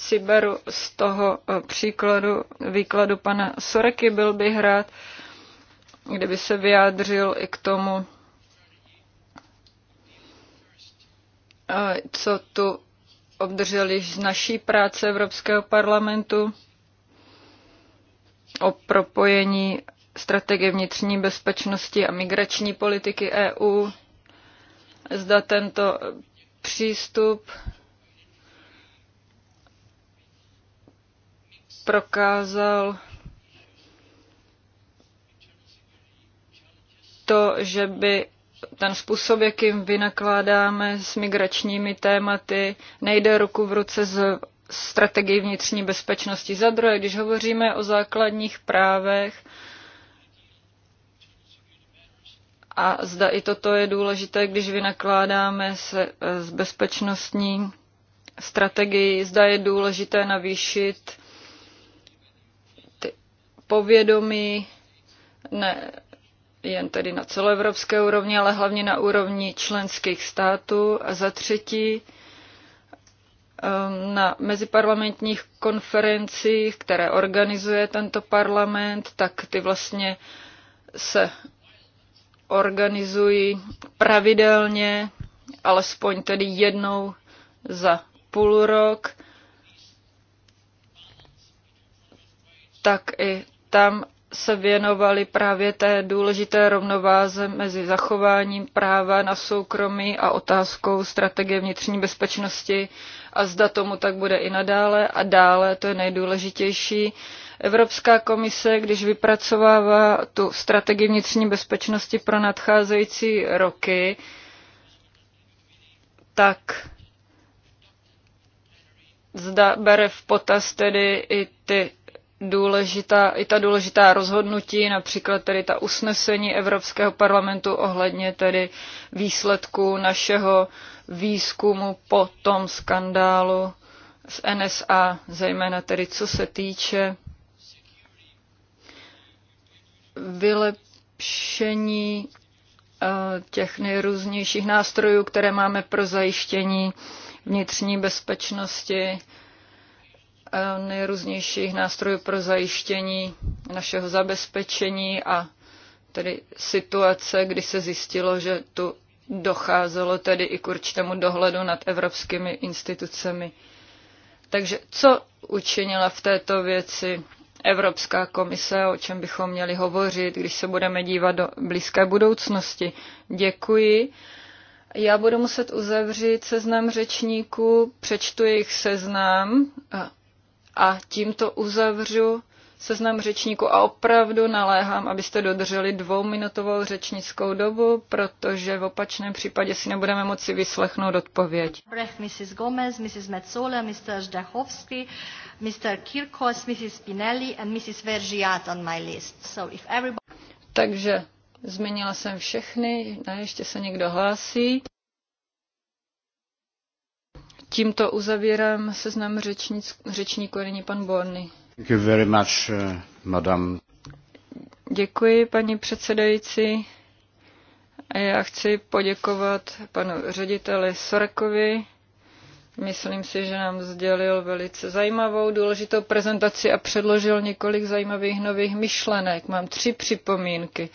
si beru z toho eh, příkladu, výkladu pana Soreky, byl bych rád, kdyby se vyjádřil i k tomu, co tu obdrželi z naší práce Evropského parlamentu o propojení strategie vnitřní bezpečnosti a migrační politiky EU. Zda tento přístup prokázal to, že by ten způsob, jakým vynakládáme s migračními tématy, nejde ruku v ruce s strategii vnitřní bezpečnosti. Za druhé, když hovoříme o základních právech, a zda i toto je důležité, když vynakládáme se eh, s bezpečnostní strategii, zda je důležité navýšit ty povědomí ne, jen tedy na celoevropské úrovni, ale hlavně na úrovni členských států. A za třetí, ehm, na meziparlamentních konferencích, které organizuje tento parlament, tak ty vlastně se organizují pravidelně, alespoň tedy jednou za půl rok, tak i tam se věnovali právě té důležité rovnováze mezi zachováním práva na soukromí a otázkou strategie vnitřní bezpečnosti a zda tomu tak bude i nadále a dále, to je nejdůležitější. Evropská komise, když vypracovává tu strategii vnitřní bezpečnosti pro nadcházející roky, tak zda bere v potaz tedy i ty důležitá, i ta důležitá rozhodnutí, například tedy ta usnesení Evropského parlamentu ohledně tedy výsledku našeho výzkumu po tom skandálu z NSA, zejména tedy co se týče vylepšení eh, těch nejrůznějších nástrojů, které máme pro zajištění vnitřní bezpečnosti, nejrůznějších nástrojů pro zajištění našeho zabezpečení a tedy situace, kdy se zjistilo, že tu docházelo tedy i k určitému dohledu nad evropskými institucemi. Takže co učinila v této věci Evropská komise, o čem bychom měli hovořit, když se budeme dívat do blízké budoucnosti? Děkuji. Já budu muset uzavřít seznam řečníků, přečtu jejich seznam a a tímto uzavřu seznam řečníku a opravdu naléhám, abyste dodrželi dvouminutovou řečnickou dobu, protože v opačném případě si nebudeme moci vyslechnout odpověď. Brech, Mrs. Gomez, Mrs. Metzola, Mr. Zdachovsky, Mr. Kirkos, Mrs. Spinelli and Mrs. Vergiat on my list. So if everybody... Takže změnila jsem všechny, ne, ještě se někdo hlásí. Tímto uzavírám seznam řečníc, řečníků, není pan Borny. Thank you very much, uh, madam. Děkuji, paní předsedající. Já chci poděkovat panu řediteli Sorkovi. Myslím si, že nám sdělil velice zajímavou, důležitou prezentaci a předložil několik zajímavých nových myšlenek. Mám tři připomínky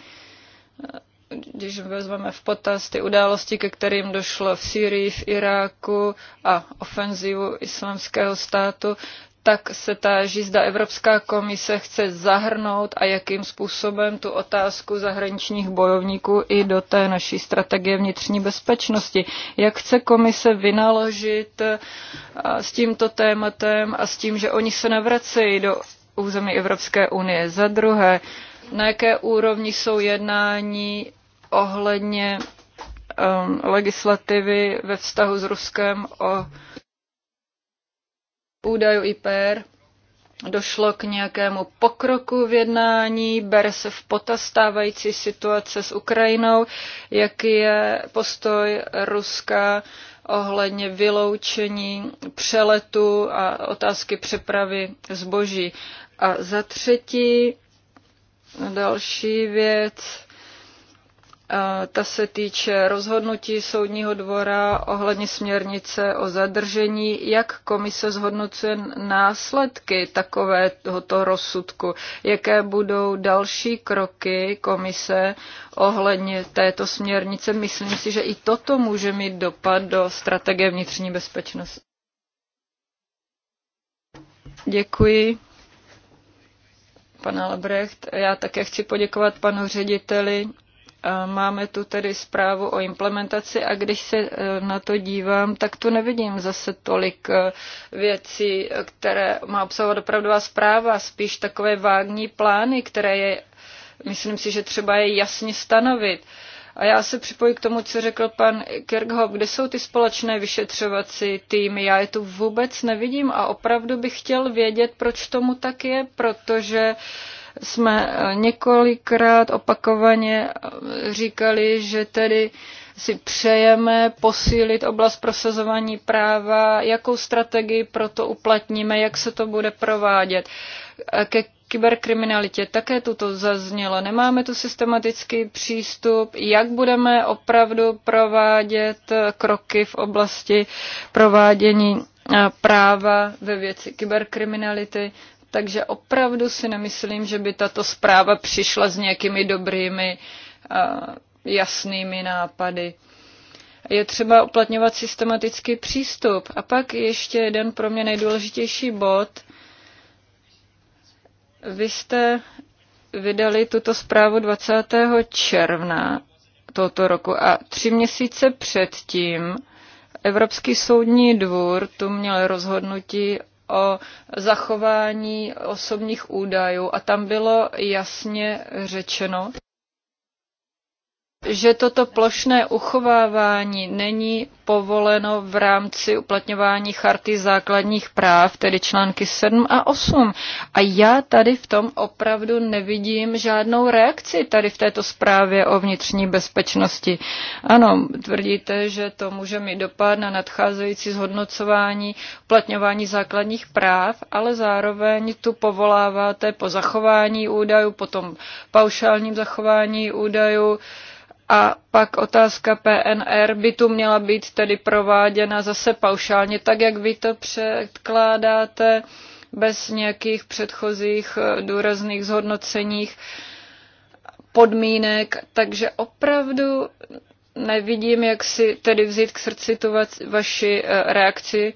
když vezmeme v potaz ty události, ke kterým došlo v Sýrii, v Iráku a ofenzivu islamského státu, tak se táží, zda Evropská komise chce zahrnout a jakým způsobem tu otázku zahraničních bojovníků i do té naší strategie vnitřní bezpečnosti. Jak chce komise vynaložit eh, s tímto tématem a s tím, že oni se nevracejí do území Evropské unie. Za druhé, na jaké úrovni jsou jednání ohledně um, legislativy ve vztahu s Ruskem o údaju IPR. Došlo k nějakému pokroku v jednání, bere se v potaz stávající situace s Ukrajinou, jaký je postoj Ruska ohledně vyloučení přeletu a otázky přepravy zboží. A za třetí, Další věc, ta se týče rozhodnutí soudního dvora ohledně směrnice o zadržení, jak komise zhodnocuje následky takového rozsudku, jaké budou další kroky komise ohledně této směrnice. Myslím si, že i toto může mít dopad do strategie vnitřní bezpečnosti. Děkuji pan Albrecht. Já také chci poděkovat panu řediteli. Máme tu tedy zprávu o implementaci a když se e, na to dívám, tak tu nevidím zase tolik e, věcí, které má obsahovat opravdová zpráva, spíš takové vágní plány, které je, myslím si, že třeba je jasně stanovit. Uh, a já se připoji k tomu, co řekl pan Kirchhoff, kde jsou ty společné vyšetřovací týmy. Já je tu vůbec nevidím a opravdu bych chtěl vědět, proč tomu tak je, protože jsme eh, několikrát opakovaně eh, říkali, že tedy si přejeme posílit oblast prosazování práva, jakou strategii proto uplatníme, jak se to bude provádět. Eh, ke kyberkriminalitě. Také tuto zaznělo. Nemáme tu systematický přístup, jak budeme opravdu provádět eh, kroky v oblasti provádění eh, práva ve věci kyberkriminality. Takže opravdu si nemyslím, že by tato zpráva přišla s nějakými dobrými, eh, jasnými nápady je třeba uplatňovat systematický přístup. A pak ještě jeden pro mě nejdůležitější bod, vy jste vydali tuto zprávu 20. června tohoto roku a tři měsíce předtím Evropský soudní dvůr tu měl rozhodnutí o zachování osobních údajů a tam bylo jasně řečeno, že toto plošné uchovávání není povoleno v rámci uplatňování charty základních práv, tedy články 7 a 8. A já tady v tom opravdu nevidím žádnou reakci tady v této zprávě o vnitřní bezpečnosti. Ano, tvrdíte, že to může mít dopad na nadcházející zhodnocování uplatňování základních práv, ale zároveň tu povoláváte po zachování údajů, potom paušálním zachování údajů, a pak otázka PNR by tu měla být tedy prováděna zase paušálně, tak jak vy to předkládáte, bez nějakých předchozích eh, důrazných zhodnoceních podmínek, takže opravdu nevidím, jak si tedy vzít k srdci tu vaši eh, reakci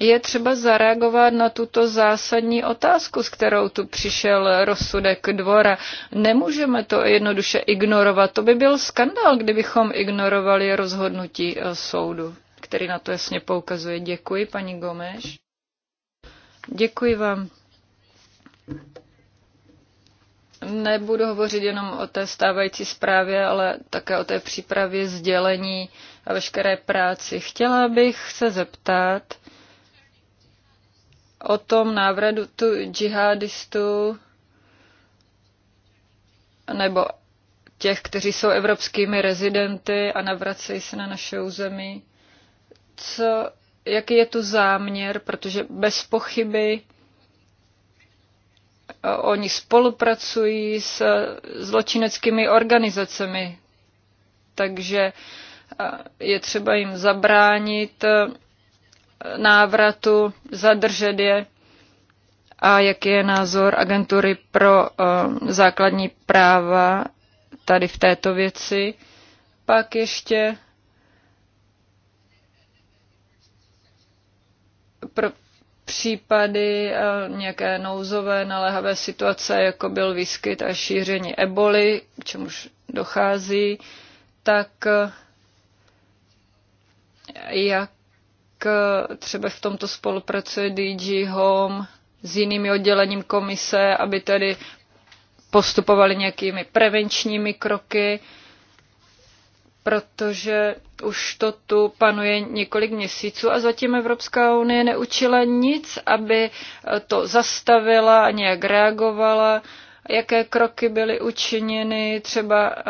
je třeba zareagovat na tuto zásadní otázku, s kterou tu přišel rozsudek dvora. Nemůžeme to jednoduše ignorovat. To by byl skandál, kdybychom ignorovali rozhodnutí eh, soudu, který na to jasně poukazuje. Děkuji, paní Gomeš. Děkuji vám. Nebudu hovořit jenom o té stávající zprávě, ale také o té přípravě sdělení a veškeré práci. Chtěla bych se zeptat, o tom návratu tu džihadistů nebo těch, kteří jsou evropskými rezidenty a navracejí se na naše území. Co, jaký je tu záměr, protože bez pochyby eh, oni spolupracují s eh, zločineckými organizacemi, takže eh, je třeba jim zabránit návratu, zadržet je a jaký je názor agentury pro eh, základní práva tady v této věci. Pak ještě pro případy eh, nějaké nouzové naléhavé situace, jako byl výskyt a šíření eboli, k čemuž dochází, tak eh, jak Eh, třeba v tomto spolupracuje DG Home s jinými oddělením komise, aby tedy postupovali nějakými prevenčními kroky, protože už to tu panuje několik měsíců a zatím Evropská unie neučila nic, aby eh, to zastavila a nějak reagovala, jaké kroky byly učiněny, třeba eh,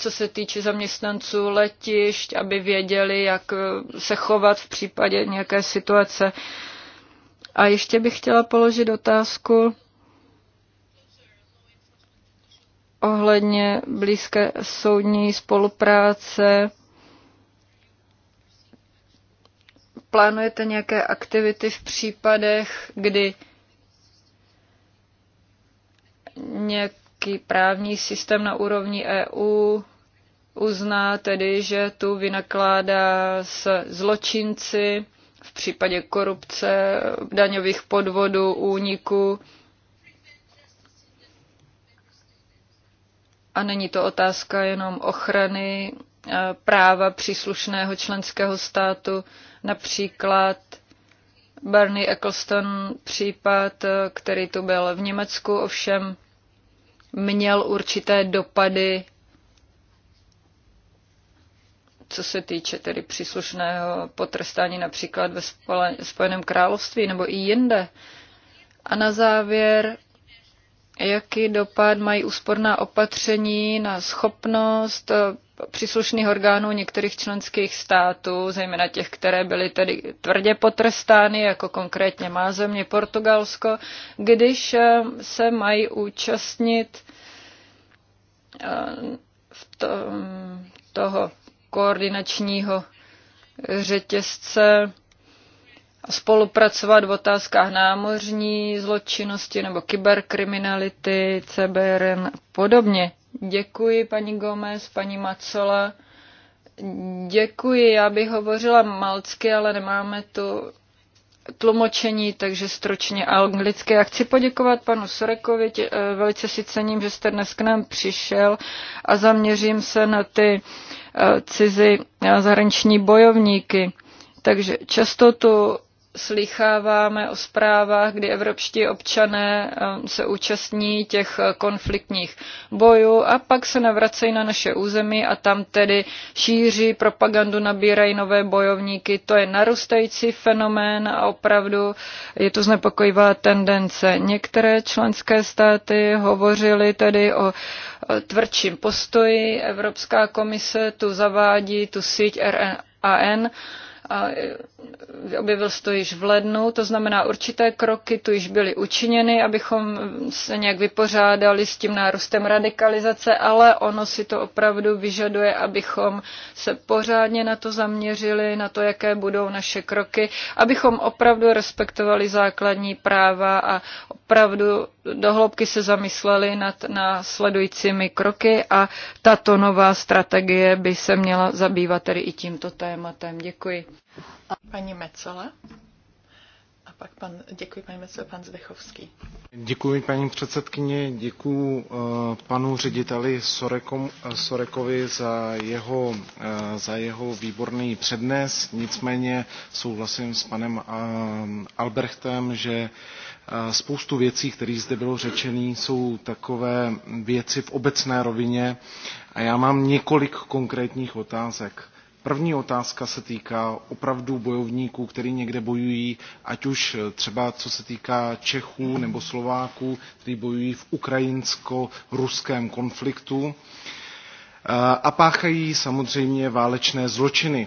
co se týče zaměstnanců letišť, aby věděli, jak eh, se chovat v případě nějaké situace. A ještě bych chtěla položit otázku ohledně blízké soudní spolupráce. Plánujete nějaké aktivity v případech, kdy nějak nějaký právní systém na úrovni EU uzná tedy, že tu vynakládá s zločinci v případě korupce, daňových podvodů, úniku. A není to otázka jenom ochrany eh, práva příslušného členského státu, například Barney Eccleston případ, eh, který tu byl v Německu, ovšem měl určité dopady, co se týče tedy příslušného potrestání například ve Spojeném království nebo i jinde. A na závěr, jaký dopad mají úsporná opatření na schopnost příslušných orgánů některých členských států, zejména těch, které byly tedy tvrdě potrestány, jako konkrétně má země Portugalsko, když eh, se mají účastnit eh, v tom, mm, toho koordinačního řetězce spolupracovat v otázkách námořní zločinnosti nebo kyberkriminality, CBRN a podobně. Děkuji, paní Gomez, paní Macola. Děkuji, já bych hovořila malcky, ale nemáme tu tlumočení, takže stročně anglicky. Já chci poděkovat panu Sorekovi, eh, velice si cením, že jste dnes k nám přišel a zaměřím se na ty eh, cizí eh, zahraniční bojovníky. Takže často tu slycháváme o zprávách, kdy evropští občané um, se účastní těch uh, konfliktních bojů a pak se navracejí na naše území a tam tedy šíří propagandu, nabírají nové bojovníky. To je narůstající fenomén a opravdu je to znepokojivá tendence. Některé členské státy hovořily tedy o tvrdším postoji. Evropská komise tu zavádí tu síť RNAN E, objevil se to již v lednu, to znamená určité kroky tu již byly učiněny, abychom se nějak vypořádali s tím nárůstem radikalizace, ale ono si to opravdu vyžaduje, abychom se pořádně na to zaměřili, na to, jaké budou naše kroky, abychom opravdu respektovali základní práva a opravdu dohloubky se zamysleli nad následujícími kroky a tato nová strategie by se měla zabývat tedy i tímto tématem. Děkuji paní Mecele. A pak pan, děkuji paní Mecele, pan Zdechovský. Děkuji paní předsedkyně, děkuji eh, panu řediteli Sorekom, eh, Sorekovi za jeho, eh, za jeho výborný přednes. Nicméně souhlasím s panem Albrechtem, že spoustu věcí, které zde bylo řečené, jsou takové věci v obecné rovině a já mám několik konkrétních otázek. První otázka se týká opravdu bojovníků, kteří někde bojují, ať už eh, třeba co se týká Čechů nebo Slováků, kteří bojují v ukrajinsko-ruském konfliktu eh, a páchají samozřejmě válečné zločiny.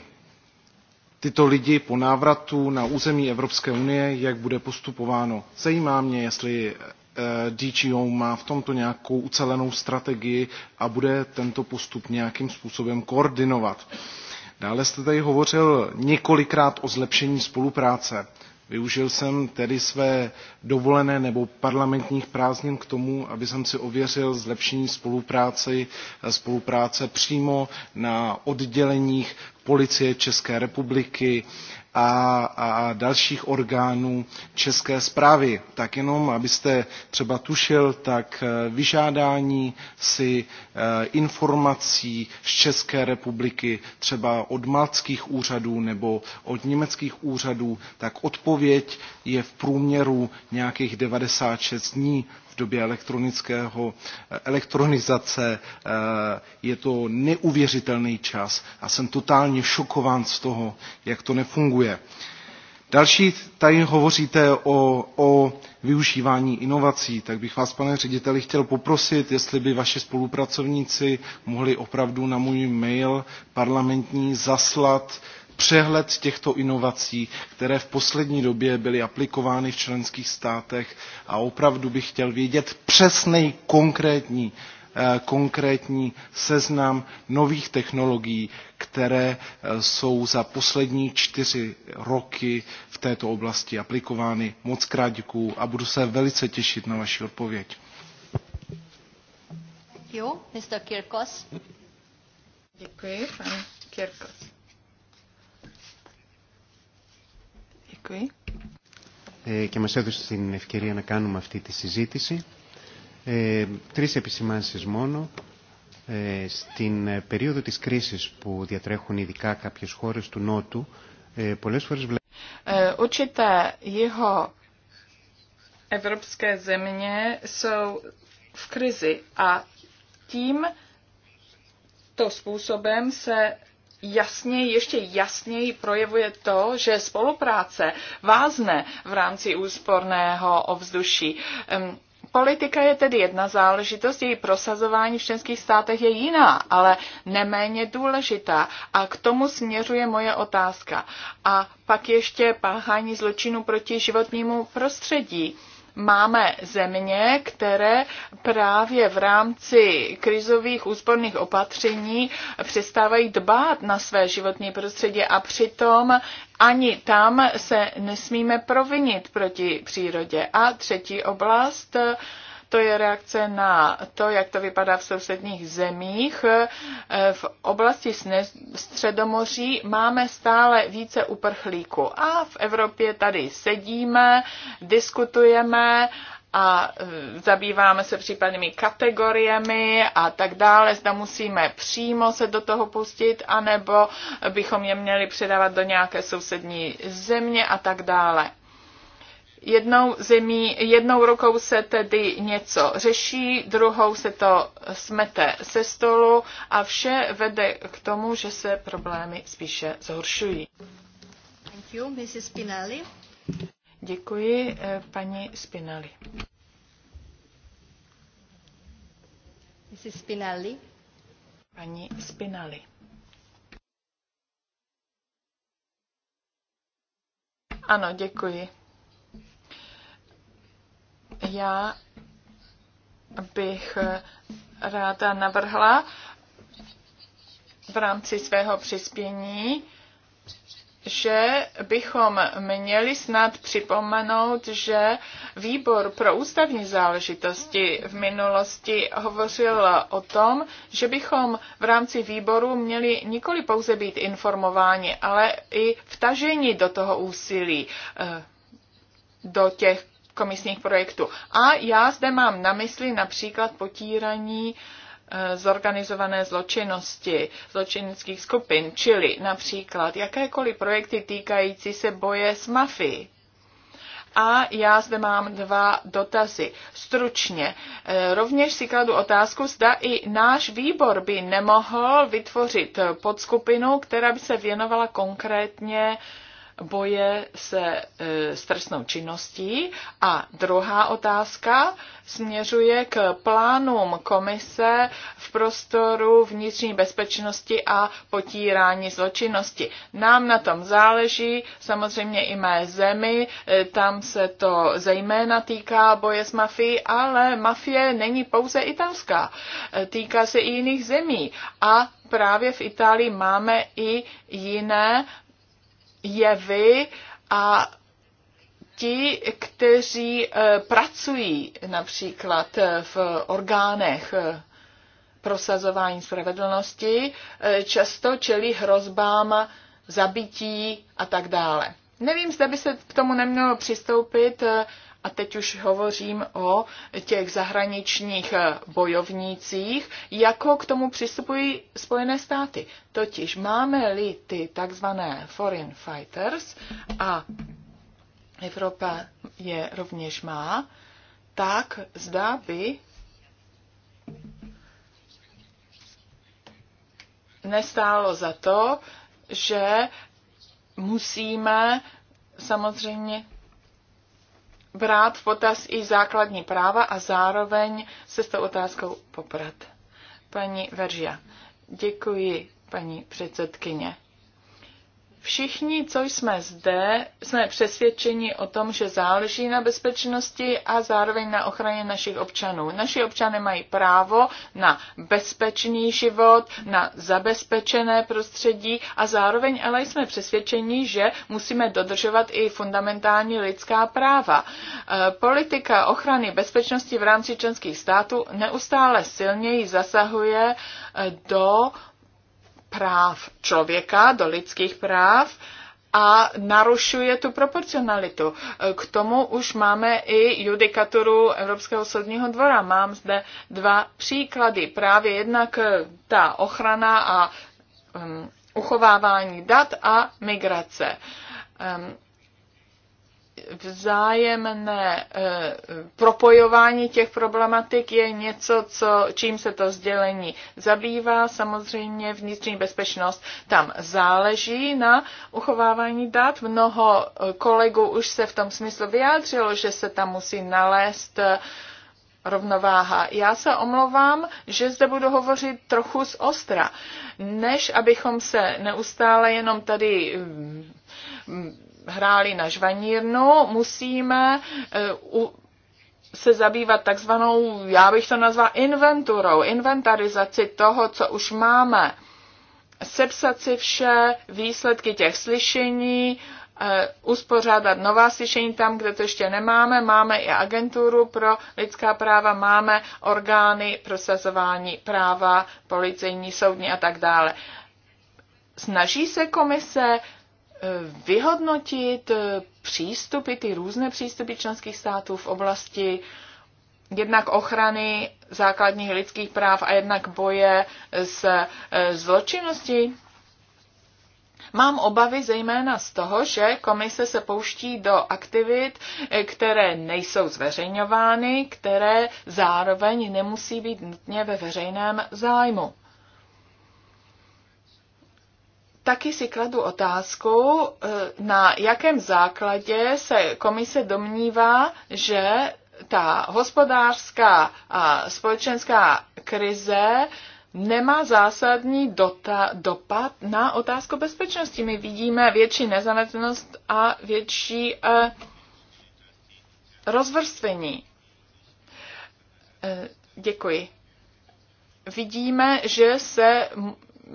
Tyto lidi po návratu na území Evropské unie, jak bude postupováno. Zajímá mě, jestli eh, DGO má v tomto nějakou ucelenou strategii a bude tento postup nějakým způsobem koordinovat. Dále jste tady hovořil několikrát o zlepšení spolupráce. Využil jsem tedy své dovolené nebo parlamentních prázdnin k tomu, aby jsem si ověřil zlepšení spolupráce, spolupráce přímo na odděleních policie České republiky, a, a dalších orgánů České zprávy. Tak jenom, abyste třeba tušil, tak eh, vyžádání si eh, informací z České republiky, třeba od maltských úřadů nebo od německých úřadů, tak odpověď je v průměru nějakých 96 dní době elektronického, eh, elektronizace. Eh, je to neuvěřitelný čas a jsem totálně šokován z toho, jak to nefunguje. Další, tady hovoříte o, o využívání inovací, tak bych vás, pane řediteli, chtěl poprosit, jestli by vaši spolupracovníci mohli opravdu na můj mail parlamentní zaslat uh, přehled těchto inovací, které v poslední době byly aplikovány v členských státech a opravdu bych chtěl vědět přesný konkrétní eh, konkrétní seznam nových technologií, které eh, jsou za poslední čtyři roky v této oblasti aplikovány. Moc krát děkuju a budu se velice těšit na vaši odpověď. Thank you, Mr. Kirkos. Děkuji, pane Kirkos. Děkuji. Και μας έδωσε την ευκαιρία να κάνουμε αυτή τη συζήτηση. Ε, τρεις επισημάνσεις μόνο. Ε, στην περίοδο της κρίσης που διατρέχουν ειδικά κάποιες χώρες του Νότου, ε, πολλές φορές βλέπουμε... Ε, určité jeho evropské země jsou v krizi a tím to způsobem se jasněji, ještě jasněji projevuje to, že spolupráce vázne v rámci úsporného ovzduší. Politika je tedy jedna záležitost, její prosazování v členských státech je jiná, ale neméně důležitá. A k tomu směřuje moje otázka. A pak ještě páchání zločinu proti životnímu prostředí máme země, které právě v rámci krizových úsporných opatření přestávají dbát na své životní prostředí a přitom ani tam se nesmíme provinit proti přírodě. A třetí oblast, to je reakce na to, jak to vypadá v sousedních zemích. E, v oblasti Středomoří máme stále více uprchlíků a v Evropě tady sedíme, diskutujeme a e, zabýváme se případnými kategoriemi a tak dále, zda musíme přímo se do toho pustit, anebo bychom je měli předávat do nějaké sousední země a tak dále. Jednou zemí, jednou rukou se tedy něco řeší, druhou se to smete se stolu a vše vede k tomu, že se problémy spíše zhoršují. Thank you, Mrs. Spinelli. Děkuji, eh, paní Spinelli. Mrs. Spinelli. Paní Spinelli. Ano, děkuji. Já bych ráda navrhla v rámci svého přispění, že bychom měli snad připomenout, že výbor pro ústavní záležitosti v minulosti hovořil o tom, že bychom v rámci výboru měli nikoli pouze být informováni, ale i vtaženi do toho úsilí, eh, do těch komisních projektů. A já zde mám na mysli například potíraní eh, zorganizované zločinnosti, zločinnických skupin, čili například jakékoliv projekty týkající se boje s mafií. A já zde mám dva dotazy. Stručně, eh, rovněž si kladu otázku, zda i náš výbor by nemohl vytvořit podskupinu, která by se věnovala konkrétně uh, boje se e, stresnou činností. A druhá otázka směřuje k plánům komise v prostoru vnitřní bezpečnosti a potírání zločinnosti. Nám na tom záleží, samozřejmě i mé zemi, e, tam se to zejména týká boje s mafií, ale mafie není pouze italská, e, týká se i jiných zemí. A právě v Itálii máme i jiné jevy a ti, kteří eh, pracují například eh, v orgánech eh, prosazování spravedlnosti, často čelí hrozbám zabití a tak dále. Nevím, zda by se k tomu nemělo přistoupit a teď už hovořím o těch zahraničních eh, bojovnících, jako k tomu přistupují Spojené státy. Totiž máme-li ty takzvané foreign fighters a Evropa je rovněž má, tak zdá by nestálo za to, že musíme samozřejmě brát v potaz i základní práva a zároveň se s tou otázkou poprat. Paní Veržia, děkuji, paní předsedkyně. Všichni, co jsme zde, jsme přesvědčeni o tom, že záleží na bezpečnosti a zároveň na ochraně našich občanů. Naši občané mají právo na bezpečný život, na zabezpečené prostředí a zároveň ale jsme přesvědčeni, že musíme dodržovat i fundamentální lidská práva. E, politika ochrany bezpečnosti v rámci členských států neustále silněji zasahuje e, do práv člověka, do lidských práv a narušuje tu proporcionalitu. K tomu už máme i judikaturu Evropského soudního dvora. Mám zde dva příklady. Právě jednak eh, ta ochrana a um, uchovávání dat a migrace. Um, vzájemné e, propojování těch problematik je něco, co, čím se to sdělení zabývá. Samozřejmě vnitřní bezpečnost tam záleží na uchovávání dat. Mnoho eh, kolegů už se v tom smyslu vyjádřilo, že se tam musí nalézt eh, rovnováha. Já se omlouvám, že zde budu hovořit trochu z ostra. Než abychom se neustále jenom tady mm, hráli na žvanírnu, musíme eh, se zabývat takzvanou, já bych to nazval inventurou, inventarizaci toho, co už máme. Sepsat si vše, výsledky těch slyšení, eh, uspořádat nová slyšení tam, kde to ještě nemáme. Máme i agenturu pro lidská práva, máme orgány prosazování práva, policejní, soudní a tak dále. Snaží se komise vyhodnotit eh, přístupy, ty různé přístupy členských států v oblasti jednak ochrany základních lidských práv a jednak boje s eh, zločinností. Mám obavy zejména z toho, že komise se pouští do aktivit, eh, které nejsou zveřejňovány, které zároveň nemusí být nutně ve veřejném zájmu taky si kladu otázku, eh, na jakém základě se komise domnívá, že ta hospodářská a společenská krize nemá zásadní dota, dopad na otázku bezpečnosti. My vidíme větší nezaměstnanost a větší eh, rozvrstvení. Eh, děkuji. Vidíme, že se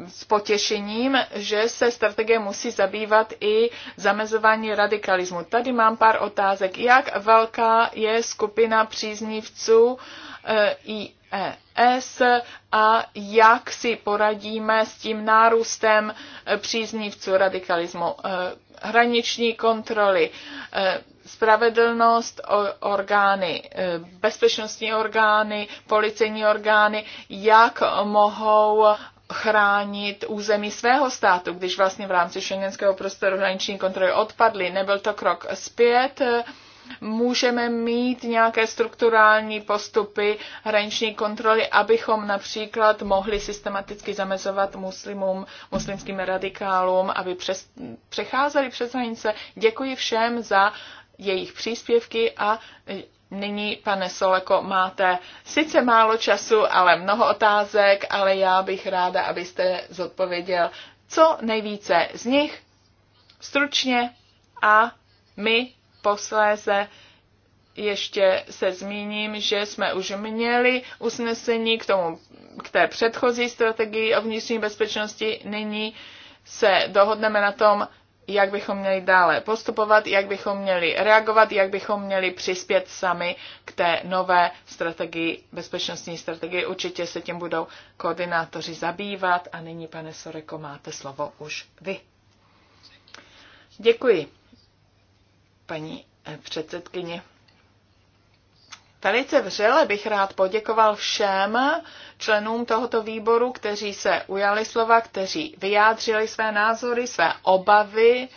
s potěšením, že se strategie musí zabývat i zamezování radikalismu. Tady mám pár otázek. Jak velká je skupina příznivců eh, IES a jak si poradíme s tím nárůstem eh, příznivců radikalismu? Eh, hraniční kontroly, spravedlnost, orgány, bezpečnostní orgány, policejní orgány, jak mohou chránit území svého státu, když vlastně v rámci šengenského prostoru hraniční kontroly odpadly. Nebyl to krok zpět, můžeme mít nějaké strukturální postupy hraniční kontroly, abychom například mohli systematicky zamezovat muslimům, muslimským radikálům, aby přes, přecházeli přes hranice. Děkuji všem za jejich příspěvky a Nyní, pane Soleko, máte sice málo času, ale mnoho otázek, ale já bych ráda, abyste zodpověděl co nejvíce z nich stručně a my posléze ještě se zmíním, že jsme už měli usnesení k, tomu, k té předchozí strategii o vnitřní bezpečnosti. Nyní se dohodneme na tom, jak bychom měli dále postupovat, jak bychom měli reagovat, jak bychom měli přispět sami k té nové strategii, bezpečnostní strategii. Určitě se tím budou koordinátoři zabývat a nyní, pane Soreko, máte slovo už vy. Děkuji, paní předsedkyně. Velice vřele bych rád poděkoval všem členům tohoto výboru, kteří se ujali slova, kteří vyjádřili své názory, své obavy.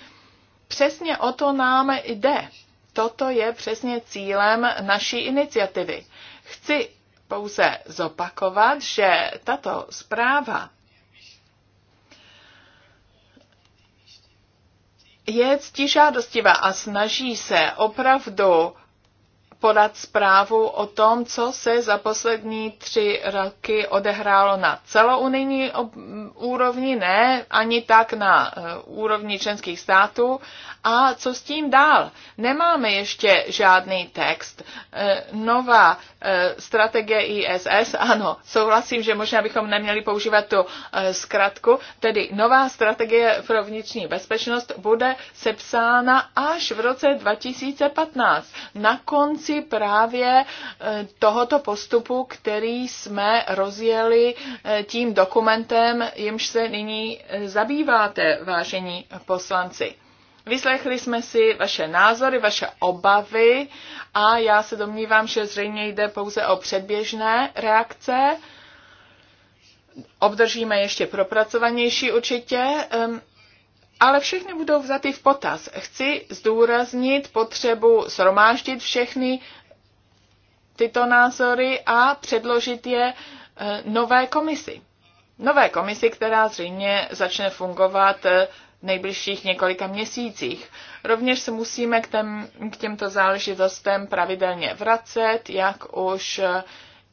Přesně o to nám jde. Toto je přesně cílem naší iniciativy. Chci pouze zopakovat, že tato zpráva je ctižádostivá a snaží se opravdu podat zprávu o tom, co se za poslední tři roky odehrálo na celounijní úrovni, ne ani tak na eh, úrovni členských států. A co s tím dál? Nemáme ještě žádný text. Eh, nová eh, strategie ISS, ano, souhlasím, že možná bychom neměli používat tu zkratku, tedy nová strategie pro vnitřní bezpečnost bude sepsána až v roce 2015, na konci rámci právě e, tohoto postupu, který jsme rozjeli e, tím dokumentem, jimž se nyní e, zabýváte, vážení poslanci. Vyslechli jsme si vaše názory, vaše obavy a já se domnívám, že zřejmě jde pouze o předběžné reakce. Obdržíme ještě propracovanější určitě ale všechny budou vzaty v potaz. Chci zdůraznit potřebu sromáždit všechny tyto názory a předložit je eh, nové komisi. Nové komisi, která zřejmě začne fungovat eh, v nejbližších několika měsících. Rovněž se musíme k, těm, k těmto záležitostem pravidelně vracet, jak už eh,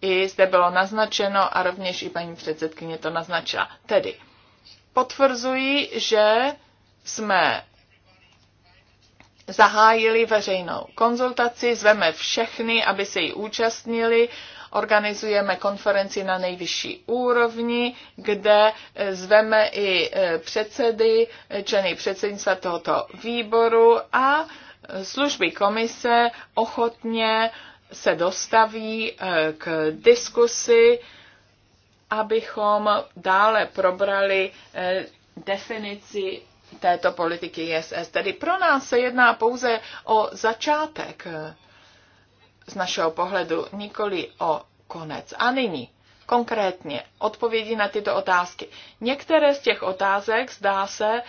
i zde bylo naznačeno a rovněž i paní předsedkyně to naznačila. Tedy potvrzuji, že jsme zahájili veřejnou konzultaci, zveme všechny, aby se jí účastnili, organizujeme konferenci na nejvyšší úrovni, kde eh, zveme i eh, předsedy, členy předsednictva tohoto výboru a eh, služby komise ochotně se dostaví k diskusi, abychom dále probrali definici této politiky ISS. Tedy pro nás se jedná pouze o začátek eh, z našeho pohledu, nikoli o konec. A nyní konkrétně odpovědi na tyto otázky. Některé z těch otázek, zdá se,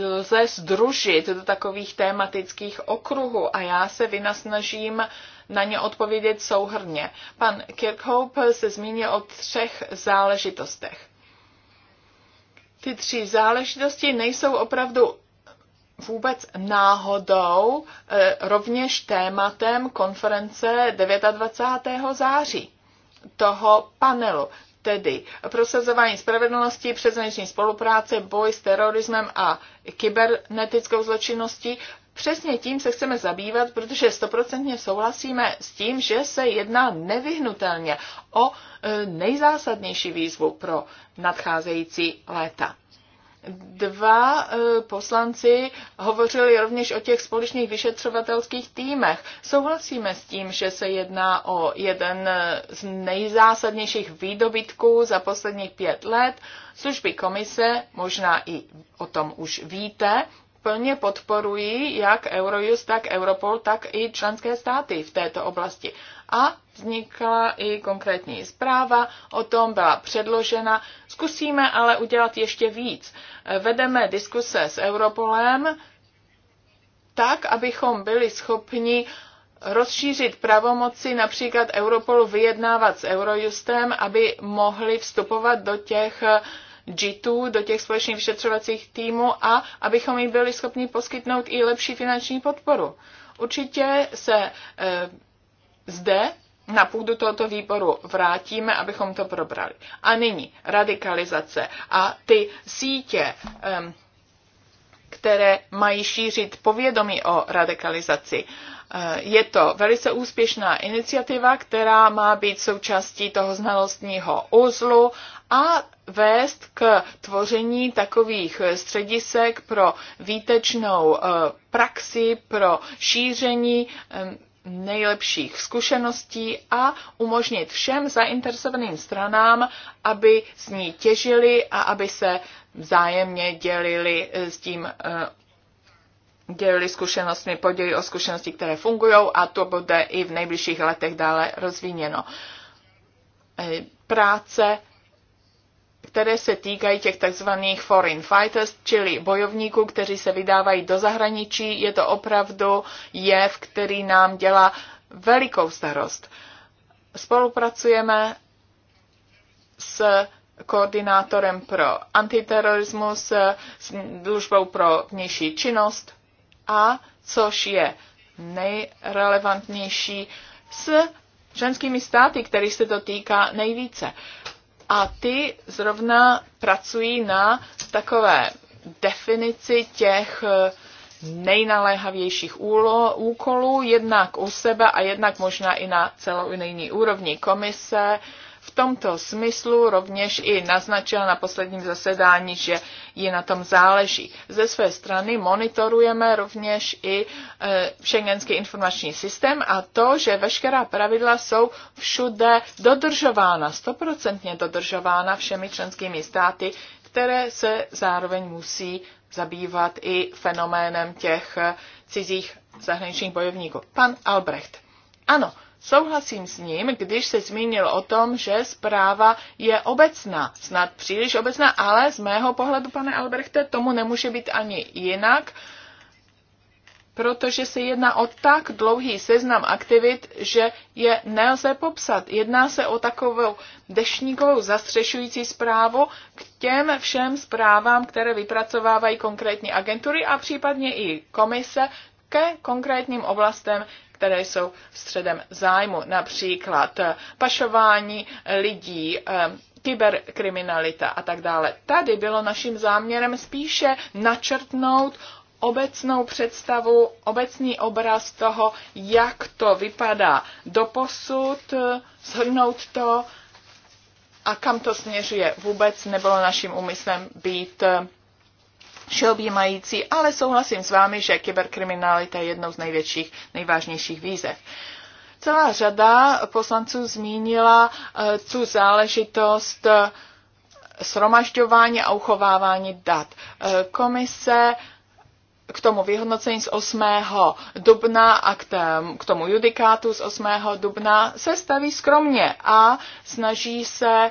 lze združit do takových tematických okruhů a já se vynasnažím na ně odpovědět souhrně. Pan Kirkhope se zmínil o třech záležitostech ty tři záležitosti nejsou opravdu vůbec náhodou eh, rovněž tématem konference 29. září toho panelu tedy prosazování spravedlnosti, přeshraniční spolupráce, boj s terorismem a kybernetickou zločinností. Přesně tím se chceme zabývat, protože stoprocentně souhlasíme s tím, že se jedná nevyhnutelně o e, nejzásadnější výzvu pro nadcházející léta. Dva e, poslanci hovořili rovněž o těch společných vyšetřovatelských týmech. Souhlasíme s tím, že se jedná o jeden e, z nejzásadnějších výdobytků za posledních pět let. Služby komise, možná i o tom už víte, plně podporují jak Eurojust, tak Europol, tak i členské státy v této oblasti. A vznikla i konkrétní zpráva, o tom byla předložena. Zkusíme ale udělat ještě víc. Vedeme diskuse s Europolem tak, abychom byli schopni rozšířit pravomoci například Europolu vyjednávat s Eurojustem, aby mohli vstupovat do těch uh, JITů, do těch společných vyšetřovacích týmů a abychom jim byli schopni poskytnout i lepší finanční podporu. Určitě se e, zde na půdu tohoto výboru vrátíme, abychom to probrali. A nyní radikalizace a ty sítě. E, které mají šířit povědomí o radikalizaci. Eh, je to velice úspěšná iniciativa, která má být součástí toho znalostního uzlu a vést k tvoření takových středisek pro výtečnou eh, praxi, pro šíření nejlepších zkušeností a umožnit všem zainteresovaným stranám, aby s ní těžili a aby se vzájemně dělili eh, s tím dělili zkušenostmi, podělili o zkušenosti, které fungují a to bude i v nejbližších letech dále rozvíjeno. E, práce které se týkají těch tzv. foreign fighters, čili bojovníků, kteří se vydávají do zahraničí. Je to opravdu jev, který nám dělá velikou starost. Spolupracujeme s koordinátorem pro antiterorismus, s službou pro vnější činnost a, což je nejrelevantnější, s ženskými státy, který se to týká nejvíce. A ty zrovna pracují na takové definici těch eh, nejnaléhavějších úlo, úkolů, jednak u sebe a jednak možná i na celou úrovni. Komise tomto smyslu rovněž i naznačila na posledním zasedání, že ji na tom záleží. Ze své strany monitorujeme rovněž i šengenský e, informační systém a to, že veškerá pravidla jsou všude dodržována, stoprocentně dodržována všemi členskými státy, které se zároveň musí zabývat i fenoménem těch e, cizích zahraničních bojovníků. Pan Albrecht. Ano, Souhlasím s ním, když se zmínil o tom, že zpráva je obecná, snad příliš obecná, ale z mého pohledu, pane Albrechte, tomu nemůže být ani jinak, protože se jedná o tak dlouhý seznam aktivit, že je nelze popsat. Jedná se o takovou dešníkovou zastřešující zprávu k těm všem zprávám, které vypracovávají konkrétní agentury a případně i komise ke konkrétním oblastem které jsou středem zájmu, například eh, pašování lidí, eh, kyberkriminalita a tak dále. Tady bylo naším záměrem spíše načrtnout obecnou představu, obecný obraz toho, jak to vypadá doposud, eh, shrnout to a kam to směřuje. Vůbec nebylo naším úmyslem být všeobjímající, ale souhlasím s vámi, že kyberkriminalita je jednou z největších, nejvážnějších výzev. Celá řada poslanců zmínila eh, tu záležitost eh, sromažďování a uchovávání dat. Eh, komise k tomu vyhodnocení z 8. dubna a k tomu judikátu z 8. dubna se staví skromně a snaží se uh,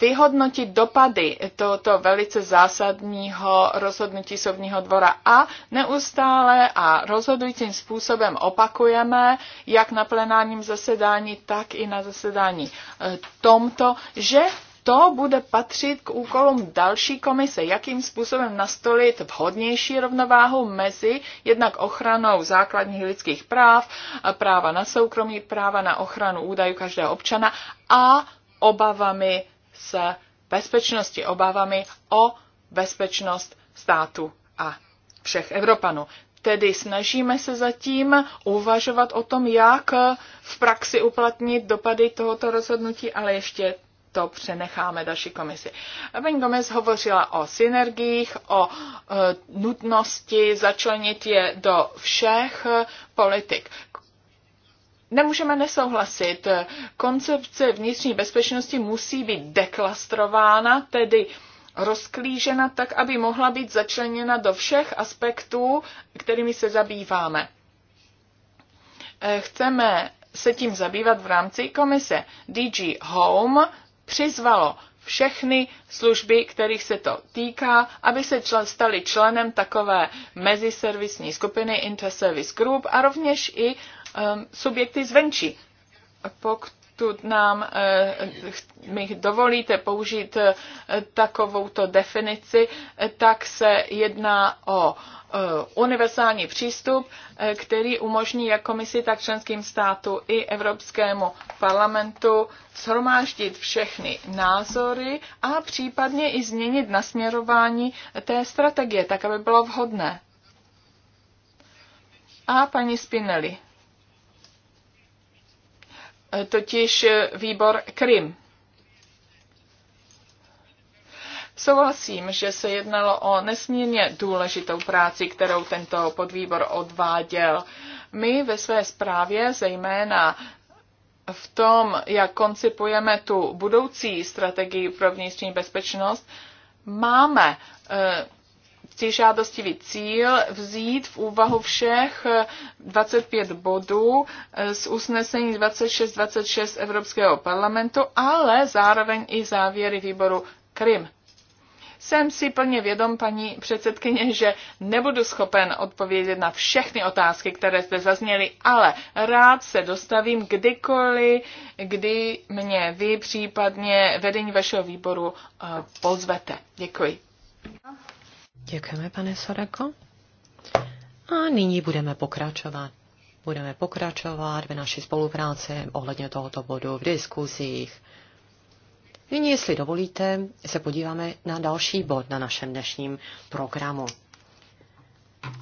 vyhodnotit dopady tohoto velice zásadního rozhodnutí soudního dvora a neustále a rozhodujícím způsobem opakujeme, jak na plenárním zasedání, tak i na zasedání e, tomto, že to bude patřit k úkolům další komise, jakým způsobem nastolit vhodnější rovnováhu mezi jednak ochranou základních lidských práv, e, práva na soukromí, práva na ochranu údajů každého občana a obavami s bezpečnosti obávami o bezpečnost státu a všech Evropanů. Tedy snažíme se zatím uvažovat o tom, jak v praxi uplatnit dopady tohoto rozhodnutí, ale ještě to přenecháme další komisi. Paní Gomez hovořila o synergiích, o e, nutnosti začlenit je do všech politik. Nemůžeme nesouhlasit. Koncepce vnitřní bezpečnosti musí být deklastrována, tedy rozklížena tak, aby mohla být začleněna do všech aspektů, kterými se zabýváme. Eh, chceme se tím zabývat v rámci komise. DG Home přizvalo všechny služby, kterých se to týká, aby se čl- stali členem takové meziservisní skupiny Interservice Group a rovněž i Um, subjekty zvenčí. Pokud nám nám eh, mi dovolíte použít eh, takovouto definici, eh, tak se jedná o univerzální přístup, který umožní jak komisi, tak členským státu i Evropskému parlamentu shromáždit všechny názory a případně i změnit nasměrování té strategie, tak aby bylo vhodné. A paní Spinelli totiž výbor Krym. Souhlasím, že se jednalo o nesmírně důležitou práci, kterou tento podvýbor odváděl. My ve své zprávě, zejména v tom, jak koncipujeme tu budoucí strategii pro vnitřní bezpečnost, máme eh, žádostivý cíl vzít v úvahu všech 25 eh, bodů eh, z usnesení 26 Evropského parlamentu, ale zároveň i závěry výboru Krym. Jsem si plně vědom, paní předsedkyně, že nebudu schopen odpovědět na všechny otázky, které zde zazněly, ale rád se dostavím kdykoliv, kdy mě vy, případně vedení vašeho výboru, eh, pozvete. Děkuji. Děkujeme, pane Sorako. A nyní budeme pokračovat. Budeme pokračovat ve naší spolupráci ohledně tohoto bodu v diskuzích. Nyní, jestli dovolíte, se podíváme na další bod na našem dnešním programu.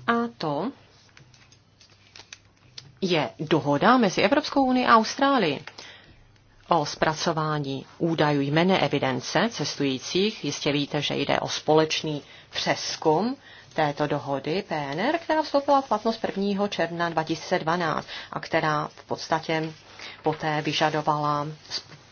A to je dohoda mezi Evropskou unii a Austrálií o zpracování údajů jmene evidence cestujících. Jistě víte, že jde o společný přeskum této dohody PNR, která vstoupila v platnost 1. června 2012 a která v podstatě poté vyžadovala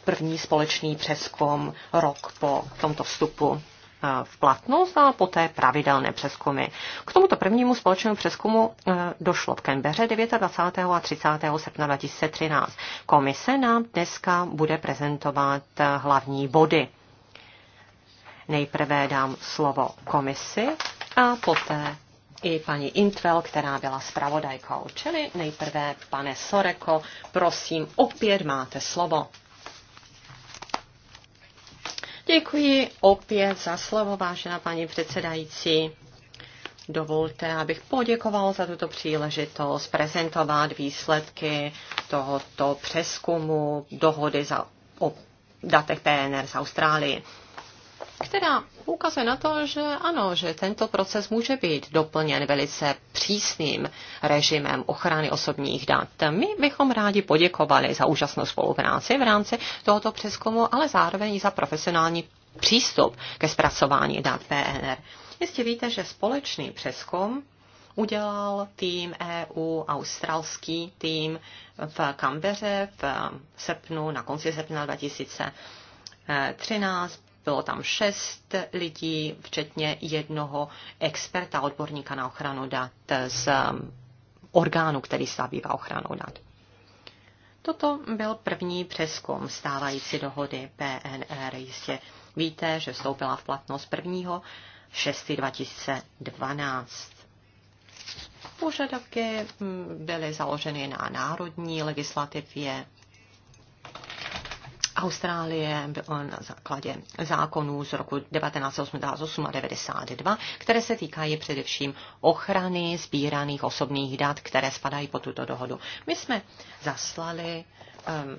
první společný přeskum rok po tomto vstupu eh, v platnost a poté pravidelné přeskumy. K tomuto prvnímu společnému přeskumu eh, došlo v Kembeře 29. a 30. srpna 2013. Komise nám dneska bude prezentovat eh, hlavní body Nejprve dám slovo komisi a poté i paní Intvel, která byla zpravodajkou. Čili nejprve, pane Soreko, prosím, opět máte slovo. Děkuji opět za slovo, vážená paní předsedající. Dovolte, abych poděkoval za tuto příležitost prezentovat výsledky tohoto přeskumu dohody za, o datech PNR z Austrálie. Teda ukazuje na to, že ano, že tento proces může být doplněn velice přísným režimem ochrany osobních dat. My bychom rádi poděkovali za úžasnou spolupráci v rámci tohoto přeskumu, ale zároveň i za profesionální přístup ke zpracování dat PNR. Jistě víte, že společný přeskum udělal tým EU, australský tým v Kambeře v srpnu, na konci srpna 2013 bylo tam šest lidí, včetně jednoho experta, odborníka na ochranu dat z um, orgánu, který se zabývá ochranou dat. Toto byl první přeskum stávající dohody PNR. Jistě víte, že vstoupila v platnost 1. 6. 2012. Požadavky hm, byly založeny na národní legislativě Austrálie bylo na základě zákonů z roku 1988 a 92, které se týkají především ochrany sbíraných osobních dat, které spadají pod tuto dohodu. My jsme zaslali um,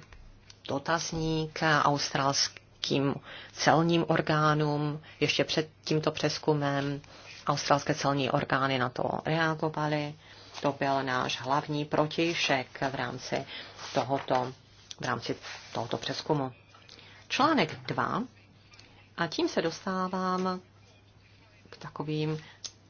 dotazník australským celním orgánům ještě před tímto přeskumem. Australské celní orgány na to reagovaly. To byl náš hlavní protišek v rámci tohoto v rámci tohoto přeskumu. Článek 2. A tím se dostávám k takovým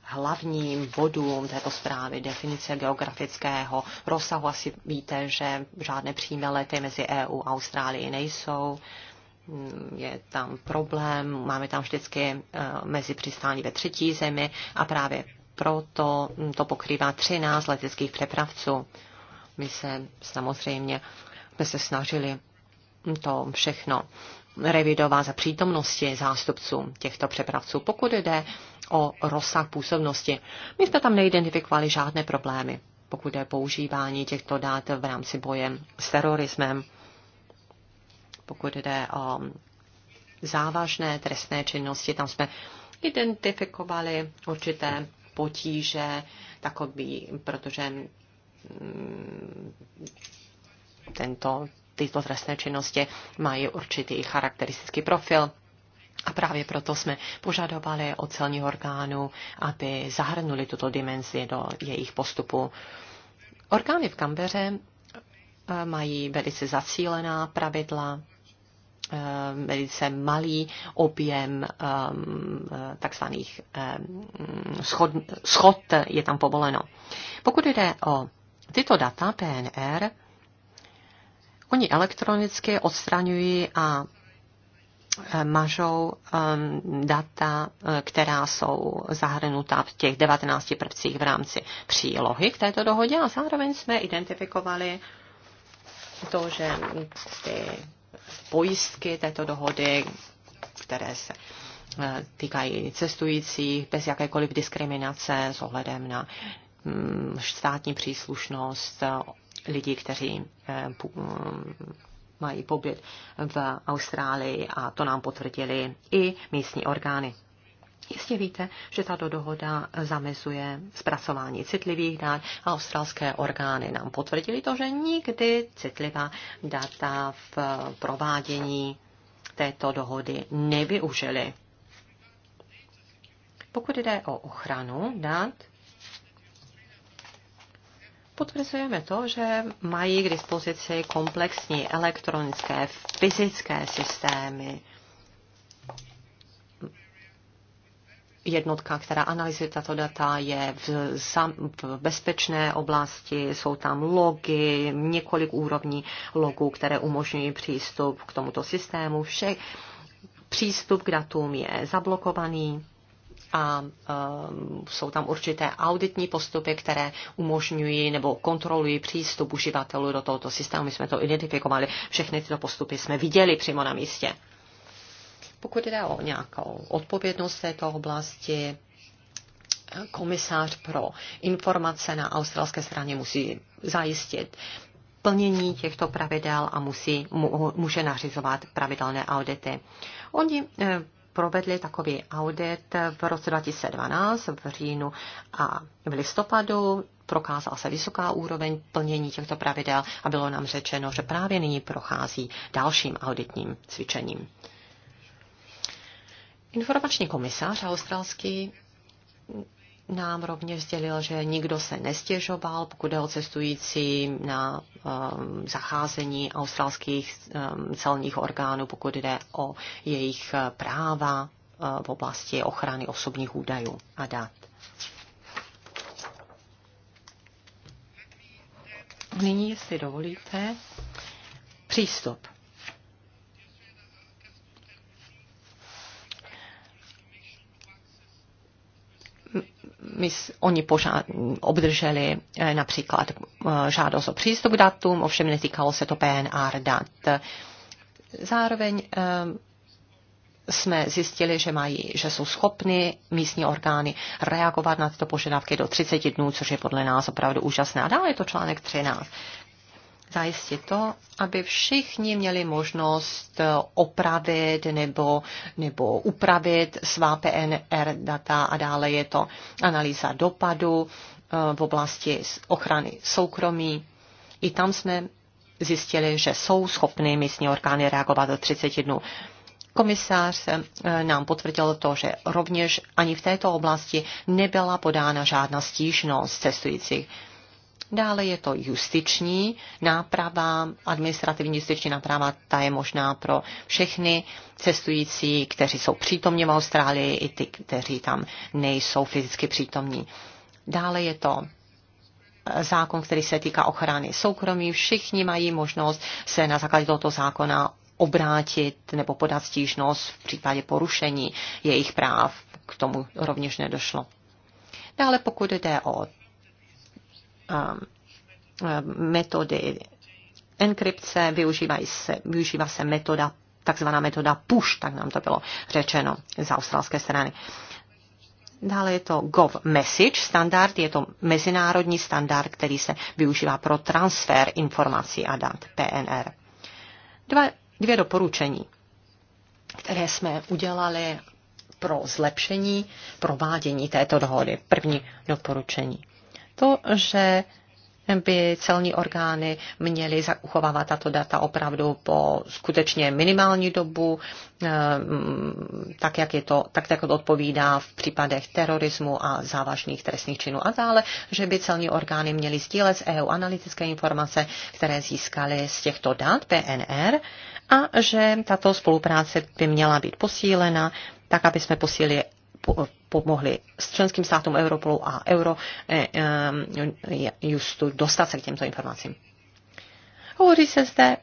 hlavním bodům této zprávy, definice geografického rozsahu. Asi víte, že žádné přímé lety mezi EU a Austrálií nejsou. Je tam problém, máme tam vždycky eh, mezi přistání ve třetí zemi a právě proto to pokrývá 13 leteckých přepravců. My se samozřejmě jsme se snažili to všechno revidovat za přítomnosti zástupců těchto přepravců, pokud jde o rozsah působnosti. My jsme tam neidentifikovali žádné problémy, pokud je používání těchto dát v rámci boje s terorismem, pokud jde o závažné trestné činnosti, tam jsme identifikovali určité potíže, takový, protože mm, tento, tyto trestné činnosti mají určitý charakteristický profil. A právě proto jsme požadovali od celních orgánů, aby zahrnuli tuto dimenzi do jejich postupu. Orgány v Kambeře eh, mají velice zacílená pravidla, eh, velice malý objem eh, takzvaných schod, schod je tam povoleno. Pokud jde o tyto data PNR, Oni elektronicky odstraňují a e, mažou e, data, e, která jsou zahrnutá v těch 19 prvcích v rámci přílohy k této dohodě a zároveň jsme identifikovali to, že ty pojistky této dohody, které se týkají cestujících bez jakékoliv diskriminace s ohledem na mm, státní příslušnost, lidí, kteří eh, mají pobyt v Austrálii a to nám potvrdili i místní orgány. Jistě víte, že tato dohoda zamezuje zpracování citlivých dat a australské orgány nám potvrdili to, že nikdy citlivá data v provádění této dohody nevyužili. Pokud jde o ochranu dat, potvrzujeme to, že mají k dispozici komplexní elektronické, fyzické systémy, jednotka, která analyzuje tato data, je v, sam, v bezpečné oblasti, jsou tam logy, několik úrovní logů, které umožňují přístup k tomuto systému. Vše, přístup k datům je zablokovaný a jsou tam určité auditní postupy, které umožňují nebo kontrolují přístup uživatelů do tohoto systému. My jsme to identifikovali, všechny tyto postupy jsme viděli přímo na místě. Pokud jde o nějakou odpovědnost této oblasti, komisář pro informace na australské straně musí zajistit plnění těchto pravidel a musí, může nařizovat pravidelné audity. Oni eh, provedli takový audit v roce 2012 v říjnu a v listopadu. Prokázala se vysoká úroveň plnění těchto pravidel a bylo nám řečeno, že právě nyní prochází dalším auditním cvičením. Informační komisář australský nám rovněž sdělil, že nikdo se nestěžoval, pokud je o cestující na um, zacházení australských um, celních orgánů, pokud jde o jejich eh, práva uh, v oblasti ochrany osobních údajů a dat. Nyní, jestli dovolíte, přístup my, oni požád, obdrželi eh, například eh, žádost o přístup k datům, ovšem netýkalo se to PNR dat. Zároveň eh, jsme zjistili, že, mají, že jsou schopny místní orgány reagovat na tyto požadavky do 30 dnů, což je podle nás opravdu úžasné. A dále je to článek 13 zajistit to, aby všichni měli možnost eh, opravit nebo, nebo upravit svá PNR data a dále je to analýza dopadu eh, v oblasti ochrany soukromí. I tam jsme zjistili, že jsou schopny místní orgány reagovat do 30 dnů. Komisář eh, nám potvrdil to, že rovněž ani v této oblasti nebyla podána žádná stížnost cestujících. Dále je to justiční náprava, administrativní justiční náprava, ta je možná pro všechny cestující, kteří jsou přítomní v Austrálii i ty, kteří tam nejsou fyzicky přítomní. Dále je to zákon, který se týká ochrany soukromí. Všichni mají možnost se na základě tohoto zákona obrátit nebo podat stížnost v případě porušení jejich práv. K tomu rovněž nedošlo. Dále pokud jde o Um, metody enkrypce, využívají se, využívá se metoda, takzvaná metoda push, tak nám to bylo řečeno z australské strany. Dále je to gov message standard, je to mezinárodní standard, který se využívá pro transfer informací a dat PNR. Dva, dvě doporučení, které jsme udělali pro zlepšení provádění této dohody. První doporučení to, že by celní orgány měly uchovávat tato data opravdu po skutečně minimální dobu, eh, mm, tak jak, je to, tak, jako to odpovídá v případech terorismu a závažných trestných činů a dále, že by celní orgány měly sdílet z EU analytické informace, které získaly z těchto dat PNR a že tato spolupráce by měla být posílena, tak aby jsme posílili pomohli s členským státům Europolu a Eurojustu eh, eh, dostat se k těmto informacím. Hovoří se zde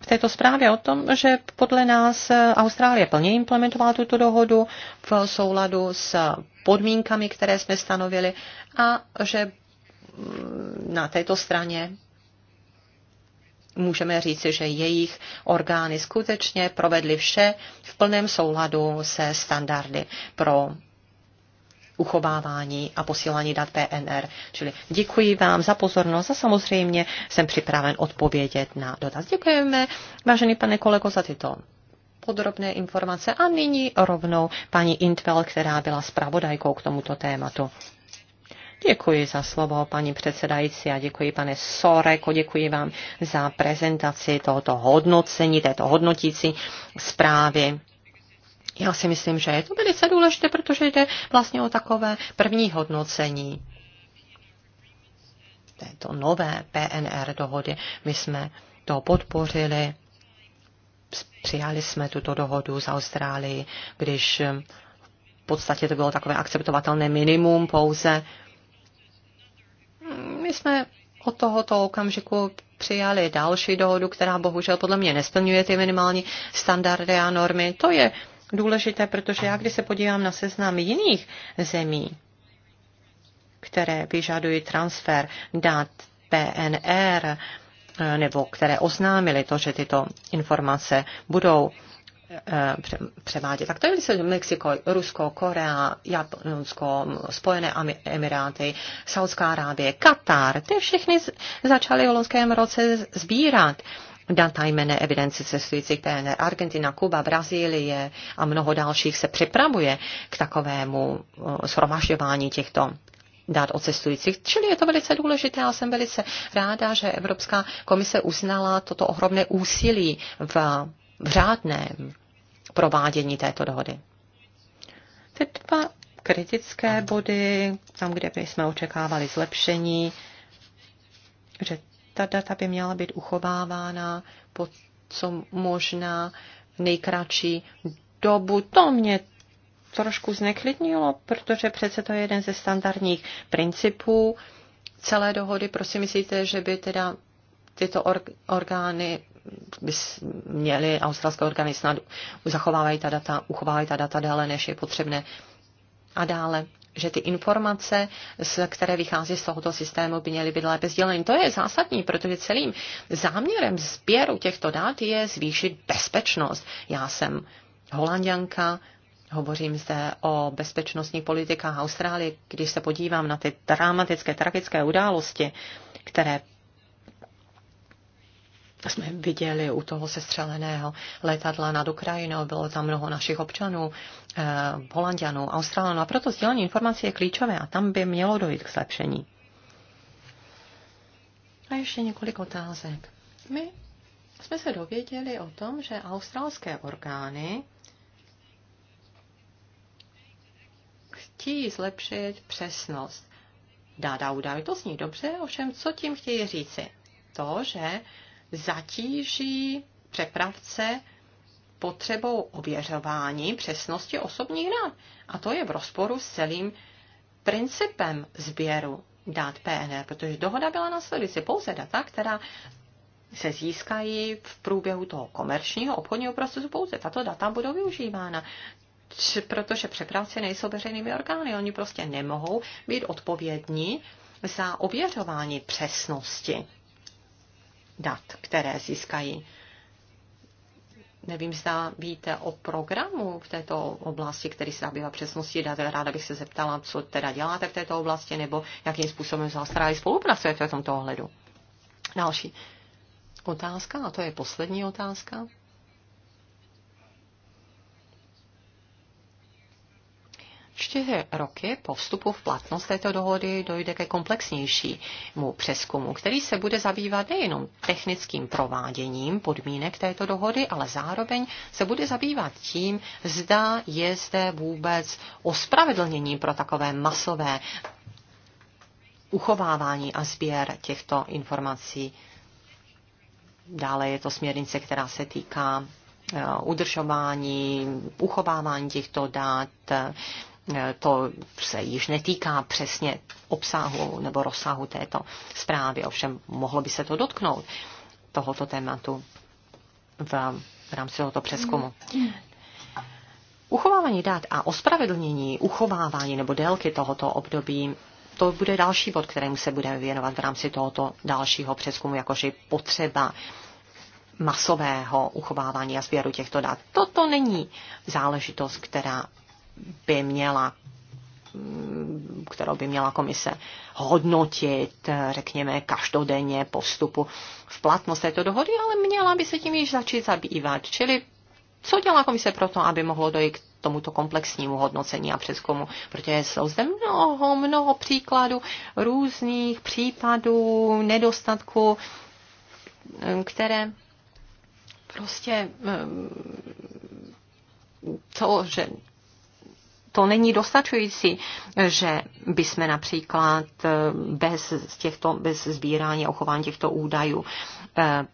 v této zprávě o tom, že podle nás Austrálie plně implementovala tuto dohodu v souladu s podmínkami, které jsme stanovili a že mm, na této straně můžeme říci, že jejich orgány skutečně provedly vše v plném souladu se standardy pro uchovávání a posílání dat PNR. Čili děkuji vám za pozornost a samozřejmě jsem připraven odpovědět na dotaz. Děkujeme, vážený pane kolego, za tyto podrobné informace a nyní rovnou paní Intvel, která byla zpravodajkou k tomuto tématu. Děkuji za slovo, paní předsedající, a děkuji, pane Soreko, děkuji vám za prezentaci tohoto hodnocení, této hodnotící zprávy. Já si myslím, že je to velice důležité, protože jde vlastně o takové první hodnocení této nové PNR dohody. My jsme to podpořili, přijali jsme tuto dohodu z Austrálii, když v podstatě to bylo takové akceptovatelné minimum pouze. My jsme od tohoto okamžiku přijali další dohodu, která bohužel podle mě nesplňuje ty minimální standardy a normy. To je důležité, protože já, když se podívám na seznam jiných zemí, které vyžadují transfer dat PNR, eh, nebo které oznámili to, že tyto informace budou eh, převádět. Tak to je se Mexiko, Rusko, Korea, Japonsko, Spojené Emiráty, Saudská Arábie, Katar. Ty všechny začaly v loňském roce sbírat data jmené evidence cestujících PNR. Argentina, Kuba, Brazílie a mnoho dalších se připravuje k takovému eh, shromažďování těchto dát o cestujících. Čili je to velice důležité a jsem velice ráda, že Evropská komise uznala toto ohromné úsilí v, v řádném provádění této dohody. Ty dva kritické body, tam, kde jsme očekávali zlepšení, že ta data by měla být uchovávána po co možná nejkratší dobu. To mě trošku zneklidnilo, protože přece to je jeden ze standardních principů celé dohody. Prosím, myslíte, že by teda tyto orgány by měly, australské orgány snad zachovávají ta data, uchovávají ta data déle, než je potřebné. A dále že ty informace, z které vychází z tohoto systému, by měly být lépe sděleny. To je zásadní, protože celým záměrem sběru těchto dat je zvýšit bezpečnost. Já jsem holanděnka, Hovořím zde o bezpečnostních politikách Austrálie. Když se podívám na ty dramatické, tragické události, které jsme viděli u toho sestřeleného letadla nad Ukrajinou, bylo tam mnoho našich občanů, eh, Holandianů, Australanů a proto sdělení informací je klíčové a tam by mělo dojít k zlepšení. A ještě několik otázek. My jsme se dověděli o tom, že australské orgány chtějí zlepšit přesnost. Dá údaj, to zní dobře, ovšem co tím chtějí říci? To, že zatíží přepravce potřebou ověřování přesnosti osobních dat. A to je v rozporu s celým principem sběru dát PNR, protože dohoda byla následující pouze data, která se získají v průběhu toho komerčního obchodního procesu, pouze tato data budou využívána. Č, protože přepravci nejsou veřejnými orgány, oni prostě nemohou být odpovědní za ověřování přesnosti dat, které získají. Nevím, zda víte o programu v této oblasti, který se zabývá přesností dat. Ráda bych se zeptala, co teda děláte v této oblasti, nebo jakým způsobem s Austrálií spolupracujete v tomto ohledu. Další otázka, a to je poslední otázka. čtyři roky po vstupu v platnost této dohody dojde ke komplexnějšímu přeskumu, který se bude zabývat nejenom technickým prováděním podmínek této dohody, ale zároveň se bude zabývat tím, zda je zde vůbec ospravedlnění pro takové masové uchovávání a sběr těchto informací. Dále je to směrnice, která se týká eh, udržování, uchovávání těchto dát, Eh, to se již netýká přesně obsahu nebo rozsahu této zprávy, ovšem mohlo by se to dotknout tohoto tématu v, v rámci tohoto přeskumu. Uchovávání dat a ospravedlnění uchovávání nebo délky tohoto období, to bude další bod, kterému se budeme věnovat v rámci tohoto dalšího přeskumu, jakože potřeba masového uchovávání a sběru těchto dat. Toto není záležitost, která by měla kterou by měla komise hodnotit, řekněme, každodenně postupu, v platnost této dohody, ale měla by se tím již začít zabývat. Čili co dělá komise pro to, aby mohlo dojít k tomuto komplexnímu hodnocení a přeskumu, protože jsou zde mnoho, mnoho příkladů různých případů, nedostatků, které prostě eh, to, že to není dostačující, že jsme například eh, bez, těchto, bez sbírání a ochování těchto údajů eh,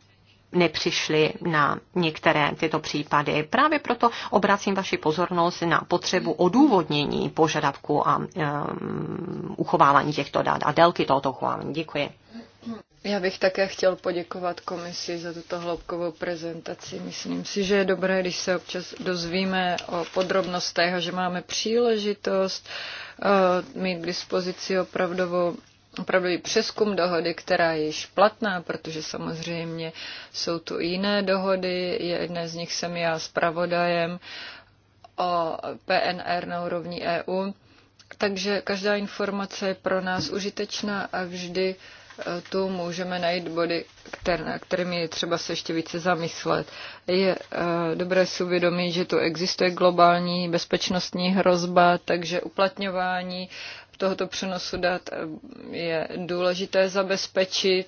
nepřišli na některé tyto případy. Právě proto obracím vaši pozornost na potřebu odůvodnění požadavku a um, uchovávání těchto dat a délky tohoto uchovávání. Děkuji. Já bych také chtěl poděkovat komisi za tuto hloubkovou prezentaci. Myslím si, že je dobré, když se občas dozvíme o podrobnostech a že máme příležitost uh, mít k dispozici opravdovou opravdový přeskum dohody, která je již platná, protože samozřejmě jsou tu jiné dohody, jedné z nich jsem já pravodajem o PNR na úrovni EU, takže každá informace je pro nás užitečná a vždy uh, Eh, tu můžeme najít body, které, na kterými je třeba se ještě více zamyslet. Je eh, dobré si uvědomit, že tu existuje globální bezpečnostní hrozba, takže uplatňování tohoto přenosu dat eh, je důležité zabezpečit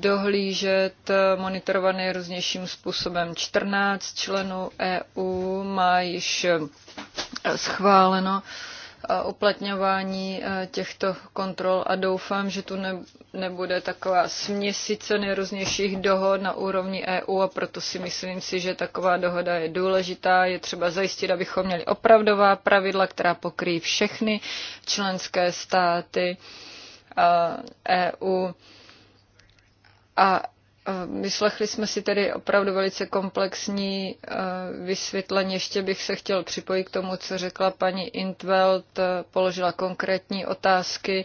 dohlížet monitorovat nejrůznějším způsobem. 14 členů EU má již schváleno uh, uplatňování e, těchto kontrol a doufám, že tu nebude taková směsice nejrůznějších dohod na úrovni EU a proto si myslím si, že taková dohoda je důležitá. Je třeba zajistit, abychom měli opravdová pravidla, která pokryjí všechny členské státy EU. E a Vyslechli jsme si tedy opravdu velice komplexní eh, vysvětlení. Ještě bych se chtěl připojit k tomu, co řekla paní Intveld, eh, položila konkrétní otázky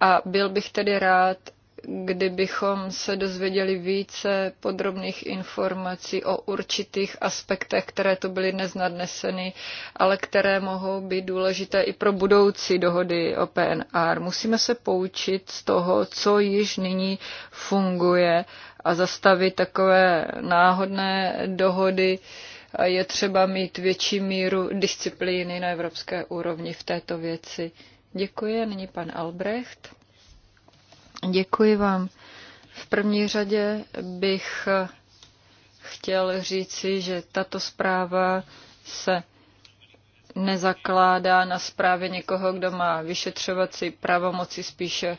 a byl bych tedy rád, kdybychom se dozvěděli více podrobných informací o určitých aspektech, které tu byly dnes nadneseny, ale které mohou být důležité i pro budoucí dohody o PNR. Musíme se poučit z toho, co již nyní funguje a zastavit takové náhodné dohody. Je třeba mít větší míru disciplíny na evropské úrovni v této věci. Děkuji, nyní pan Albrecht. Děkuji vám. V první řadě bych chtěl říci, že tato zpráva se nezakládá na zprávě někoho, kdo má vyšetřovací pravomoci, spíše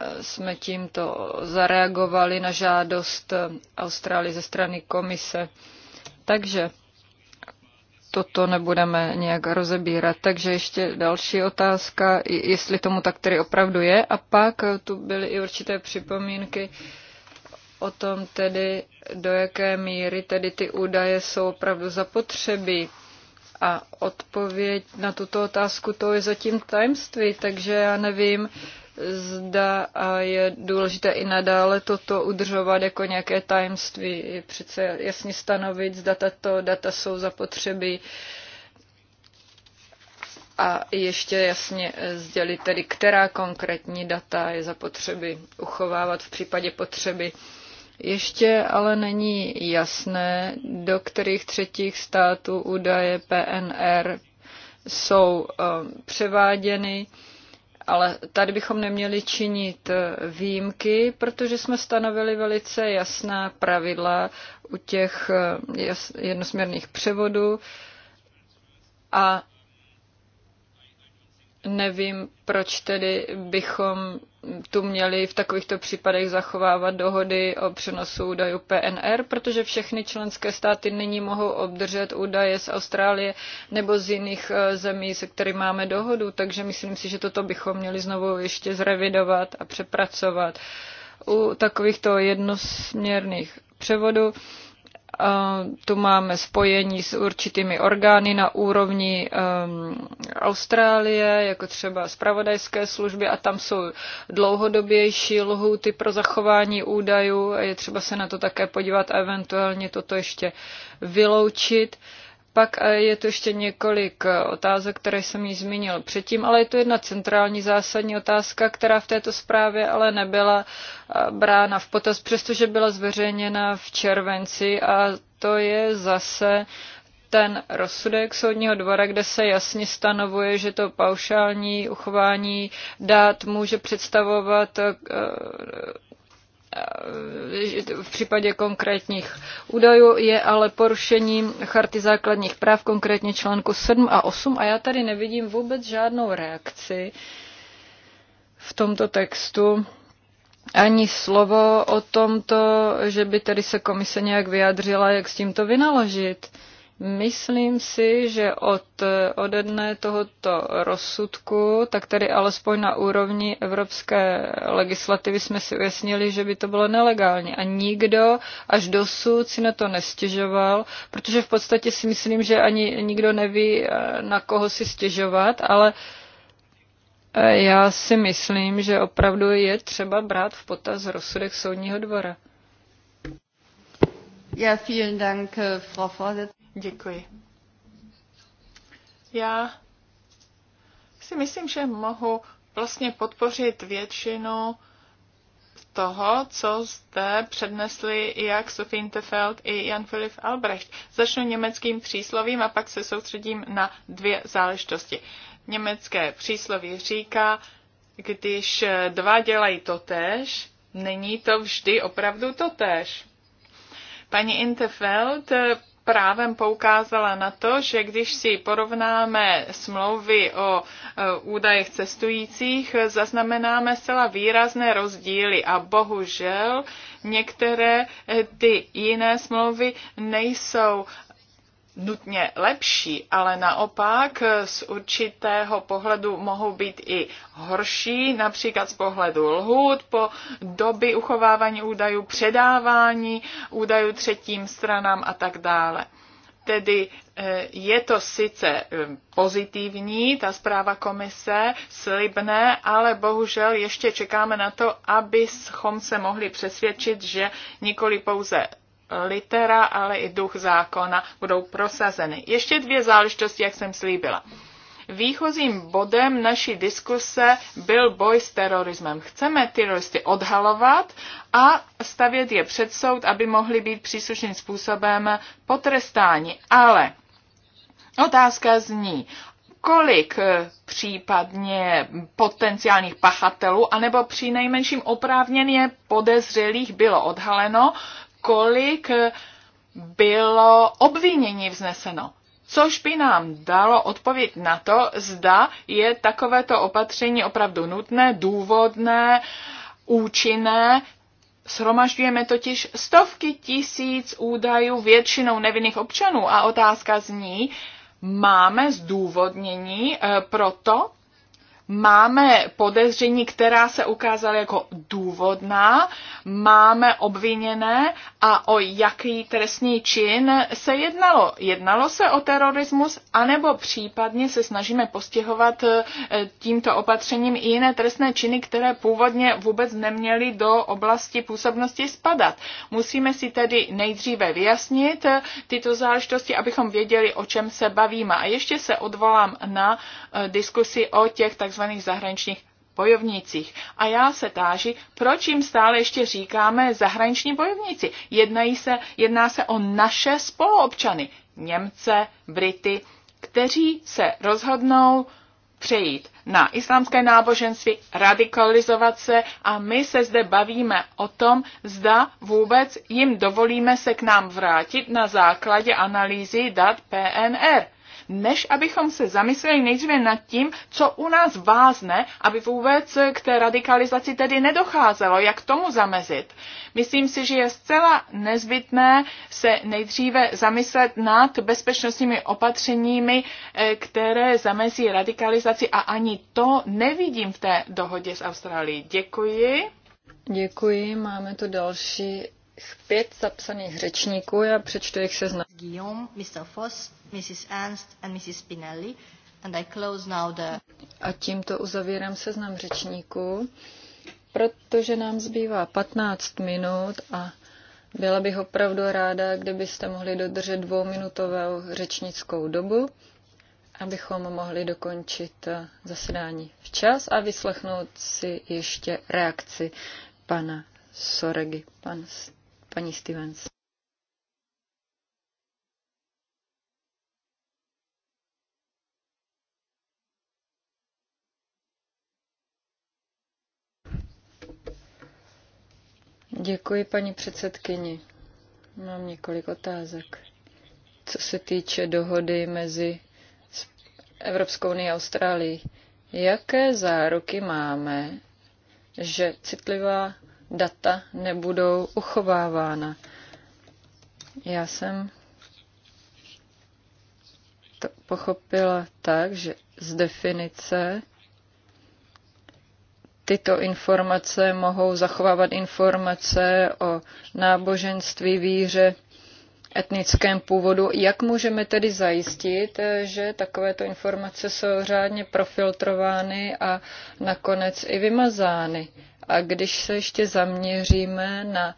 eh, jsme tímto zareagovali na žádost eh, Austrálie ze strany komise. Takže toto nebudeme nějak rozebírat. Takže ještě další otázka, jestli tomu tak tedy opravdu je. A pak tu byly i určité připomínky o tom tedy, do jaké míry tedy ty údaje jsou opravdu zapotřebí. A odpověď na tuto otázku to je zatím tajemství, takže já nevím, zda a je důležité i nadále toto udržovat jako nějaké tajemství, je přece jasně stanovit, zda tato data jsou zapotřebí a ještě jasně sdělit tedy, která konkrétní data je zapotřebí uchovávat v případě potřeby. Ještě ale není jasné, do kterých třetích států údaje PNR jsou eh, převáděny ale tady bychom neměli činit eh, výjimky, protože jsme stanovili velice jasná pravidla u těch eh, jednosměrných převodů a Nevím, proč tedy bychom tu měli v takovýchto případech zachovávat dohody o přenosu údajů PNR, protože všechny členské státy nyní mohou obdržet údaje z Austrálie nebo z jiných eh, zemí, se kterými máme dohodu, takže myslím si, že toto bychom měli znovu ještě zrevidovat a přepracovat. U takovýchto jednosměrných převodů tu máme spojení s určitými orgány na úrovni um, Austrálie, jako třeba zpravodajské služby, a tam jsou dlouhodobější lhuty pro zachování údajů. Je třeba se na to také podívat a eventuálně toto ještě vyloučit. Uh, pak eh, je tu ještě několik eh, otázek, které jsem již zmínil předtím, ale je to jedna centrální zásadní otázka, která v této zprávě ale nebyla eh, brána v potaz, přestože byla zveřejněna v červenci a to je zase ten rozsudek soudního dvora, kde se jasně stanovuje, že to paušální uchování dát může představovat Eh, v případě konkrétních údajů je ale porušením charty základních práv, konkrétně článku 7 a 8 a já tady nevidím vůbec žádnou reakci v tomto textu ani slovo o tomto, že by tedy se komise nějak vyjádřila, jak s tímto vynaložit. Uh, Myslím si, že od, ode dne tohoto rozsudku, tak tedy alespoň na úrovni evropské legislativy jsme si ujasnili, že by to bylo nelegální. A nikdo až dosud si na to nestěžoval, protože v podstatě si myslím, že ani nikdo neví, eh, na koho si stěžovat, ale eh, já si myslím, že opravdu je třeba brát v potaz rozsudek soudního dvora. Ja, vielen Dank, eh, Frau Vorsitzende. Děkuji. Já si myslím, že mohu vlastně podpořit většinu toho, co zde přednesli jak Sophie Intefeld i Jan Filip Albrecht. Začnu německým příslovím a pak se soustředím na dvě záležitosti. Německé přísloví říká, když dva dělají to tež, není to vždy opravdu to tež. Paní Intefeld právem poukázala na to, že když si porovnáme smlouvy o e, údajech cestujících, zaznamenáme zcela výrazné rozdíly a bohužel některé e, ty jiné smlouvy nejsou nutně lepší, ale naopak z určitého pohledu mohou být i horší, například z pohledu lhůt, po doby uchovávání údajů, předávání údajů třetím stranám a tak dále. Tedy eh, je to sice eh, pozitivní, ta zpráva komise, slibné, ale bohužel ještě čekáme na to, abychom se mohli přesvědčit, že nikoli pouze litera, ale i duch zákona budou prosazeny. Ještě dvě záležitosti, jak jsem slíbila. Výchozím bodem naší diskuse byl boj s terorismem. Chceme teroristy odhalovat a stavět je před soud, aby mohli být příslušným způsobem potrestáni. Ale otázka zní, kolik eh, případně potenciálních pachatelů, anebo při nejmenším oprávněně podezřelých bylo odhaleno, kolik bylo obvinění vzneseno. Což by nám dalo odpověď na to, zda je takovéto opatření opravdu nutné, důvodné, účinné, Shromažďujeme totiž stovky tisíc údajů většinou nevinných občanů a otázka zní, máme zdůvodnění eh, pro to, Máme podezření, která se ukázala jako důvodná, máme obviněné a o jaký trestný čin se jednalo. Jednalo se o terorismus, anebo případně se snažíme postihovat eh, tímto opatřením i jiné trestné činy, které původně vůbec neměly do oblasti působnosti spadat. Musíme si tedy nejdříve vyjasnit eh, tyto záležitosti, abychom věděli, o čem se bavíme. A ještě se odvolám na eh, diskusi o těch tzv tzv. zahraničních bojovnících. A já se táži, proč jim stále ještě říkáme zahraniční bojovníci. Jednají se, jedná se o naše spoluobčany, Němce, Brity, kteří se rozhodnou přejít na islámské náboženství, radikalizovat se a my se zde bavíme o tom, zda vůbec jim dovolíme se k nám vrátit na základě analýzy dat PNR než abychom se zamysleli nejdříve nad tím, co u nás vázne, aby vůbec k té radikalizaci tedy nedocházelo, jak tomu zamezit. Myslím si, že je zcela nezbytné se nejdříve zamyslet nad bezpečnostními opatřeními, eh, které zamezí radikalizaci a ani to nevidím v té dohodě s Austrálií. Děkuji. Děkuji. Máme tu další pět zapsaných řečníků, já přečtu jejich seznam. Guillaume, Mr. Foss, Mrs. Ernst and Mrs. Spinelli. And I close now the... A tímto uzavírám seznam řečníků, protože nám zbývá 15 minut a byla bych opravdu ráda, kdybyste mohli dodržet dvouminutovou řečnickou dobu, abychom mohli dokončit eh, zasedání včas a vyslechnout si ještě reakci pana Soregi, Pan paní Stevens. Děkuji paní předsedkyni. Mám několik otázek. Co se týče dohody mezi Evropskou unii a Austrálií, jaké záruky máme, že citlivá data nebudou uchovávána. Já jsem to pochopila tak, že z definice tyto informace mohou zachovávat informace o náboženství, víře, etnickém původu. Jak můžeme tedy zajistit, že takovéto informace jsou řádně profiltrovány a nakonec i vymazány? A když se ještě zaměříme na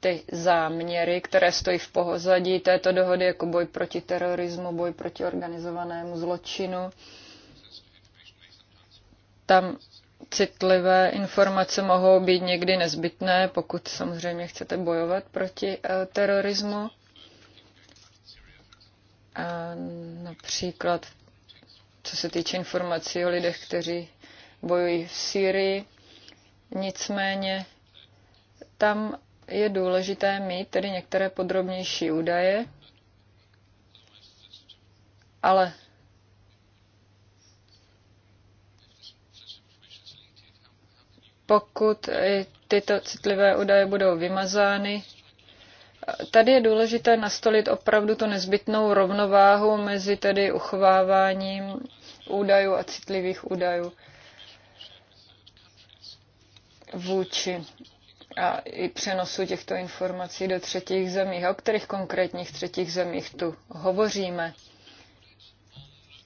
ty záměry, které stojí v pozadí této dohody, jako boj proti terorismu, boj proti organizovanému zločinu, tam citlivé informace mohou být někdy nezbytné, pokud samozřejmě chcete bojovat proti eh, terorismu. A například, co se týče informací o lidech, kteří bojují v Sýrii, Nicméně tam je důležité mít tedy některé podrobnější údaje, ale pokud tyto citlivé údaje budou vymazány, tady je důležité nastolit opravdu tu nezbytnou rovnováhu mezi tedy uchováváním údajů a citlivých údajů vůči a i přenosu těchto informací do třetích zemí. O kterých konkrétních třetích zemích tu hovoříme?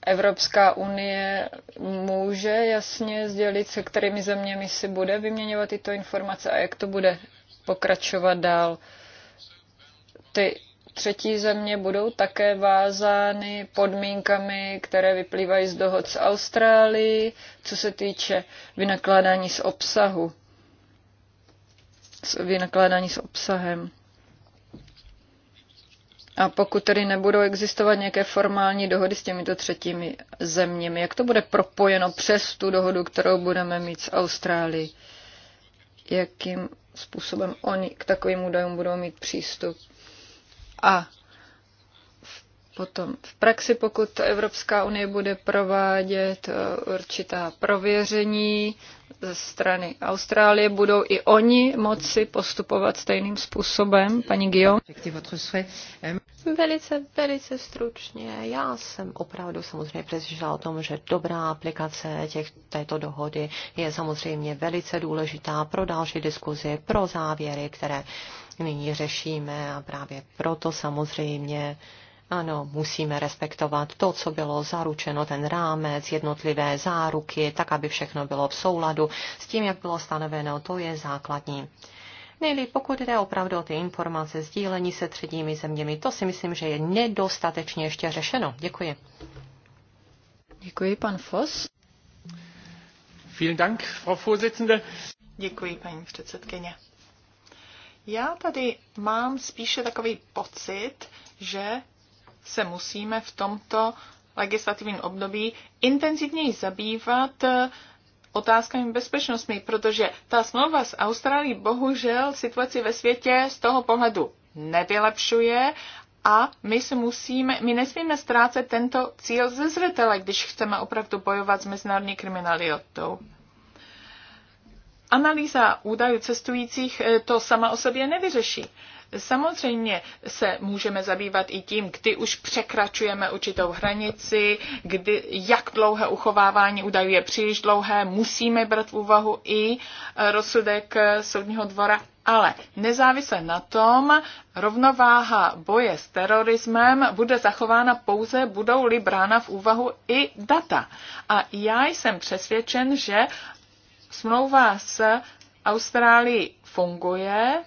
Evropská unie může jasně sdělit, se kterými zeměmi si bude vyměňovat tyto informace a jak to bude pokračovat dál. Ty třetí země budou také vázány podmínkami, které vyplývají z dohod s Austrálií, co se týče vynakládání z obsahu vynakládání s obsahem. A pokud tedy nebudou existovat nějaké formální dohody s těmito třetími zeměmi, jak to bude propojeno přes tu dohodu, kterou budeme mít s Austrálií? Jakým způsobem oni k takovým údajům budou mít přístup? A Potom v praxi, pokud Evropská unie bude provádět eh, určitá prověření ze strany Austrálie, budou i oni moci postupovat stejným způsobem, paní Guillaume? Velice, velice stručně. Já jsem opravdu samozřejmě přesvědčila o tom, že dobrá aplikace těch, této dohody je samozřejmě velice důležitá pro další diskuzi, pro závěry, které nyní řešíme a právě proto samozřejmě ano, musíme respektovat to, co bylo zaručeno, ten rámec, jednotlivé záruky, tak, aby všechno bylo v souladu s tím, jak bylo stanoveno, to je základní. Nejli, pokud jde opravdu o ty informace, sdílení se třetími zeměmi, to si myslím, že je nedostatečně ještě řešeno. Děkuji. Děkuji, pan Foss. Vielen Dank, Frau Vorsitzende. Děkuji, paní předsedkyně. Já tady mám spíše takový pocit, že se musíme v tomto legislativním období intenzivněji zabývat eh, otázkami bezpečnostmi, protože ta smlouva s Austrálií bohužel situaci ve světě z toho pohledu nevylepšuje a my se musíme, my nesmíme ztrácet tento cíl ze zřetele, když chceme opravdu bojovat s mezinárodní kriminalitou. Analýza údajů cestujících eh, to sama o sobě nevyřeší. Samozřejmě se můžeme zabývat i tím, kdy už překračujeme určitou hranici, kdy, jak dlouhé uchovávání údajů je příliš dlouhé, musíme brát v úvahu i e, rozsudek e, soudního dvora. Ale nezávisle na tom, rovnováha boje s terorismem bude zachována pouze, budou-li brána v úvahu i data. A já jsem přesvědčen, že smlouva s Austrálií funguje,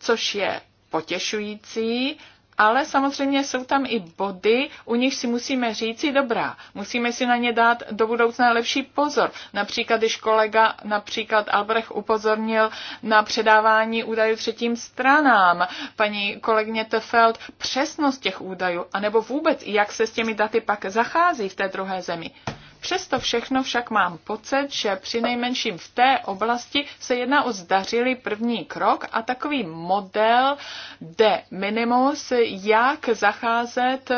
což je potěšující, ale samozřejmě jsou tam i body, u nich si musíme říci dobrá. Musíme si na ně dát do budoucna lepší pozor. Například, když kolega, například Albrecht upozornil na předávání údajů třetím stranám, paní kolegyně Tefeld, přesnost těch údajů, anebo vůbec, jak se s těmi daty pak zachází v té druhé zemi. Přesto všechno však mám pocit, že při nejmenším v té oblasti se jedná o zdařilý první krok a takový model de minimus, jak zacházet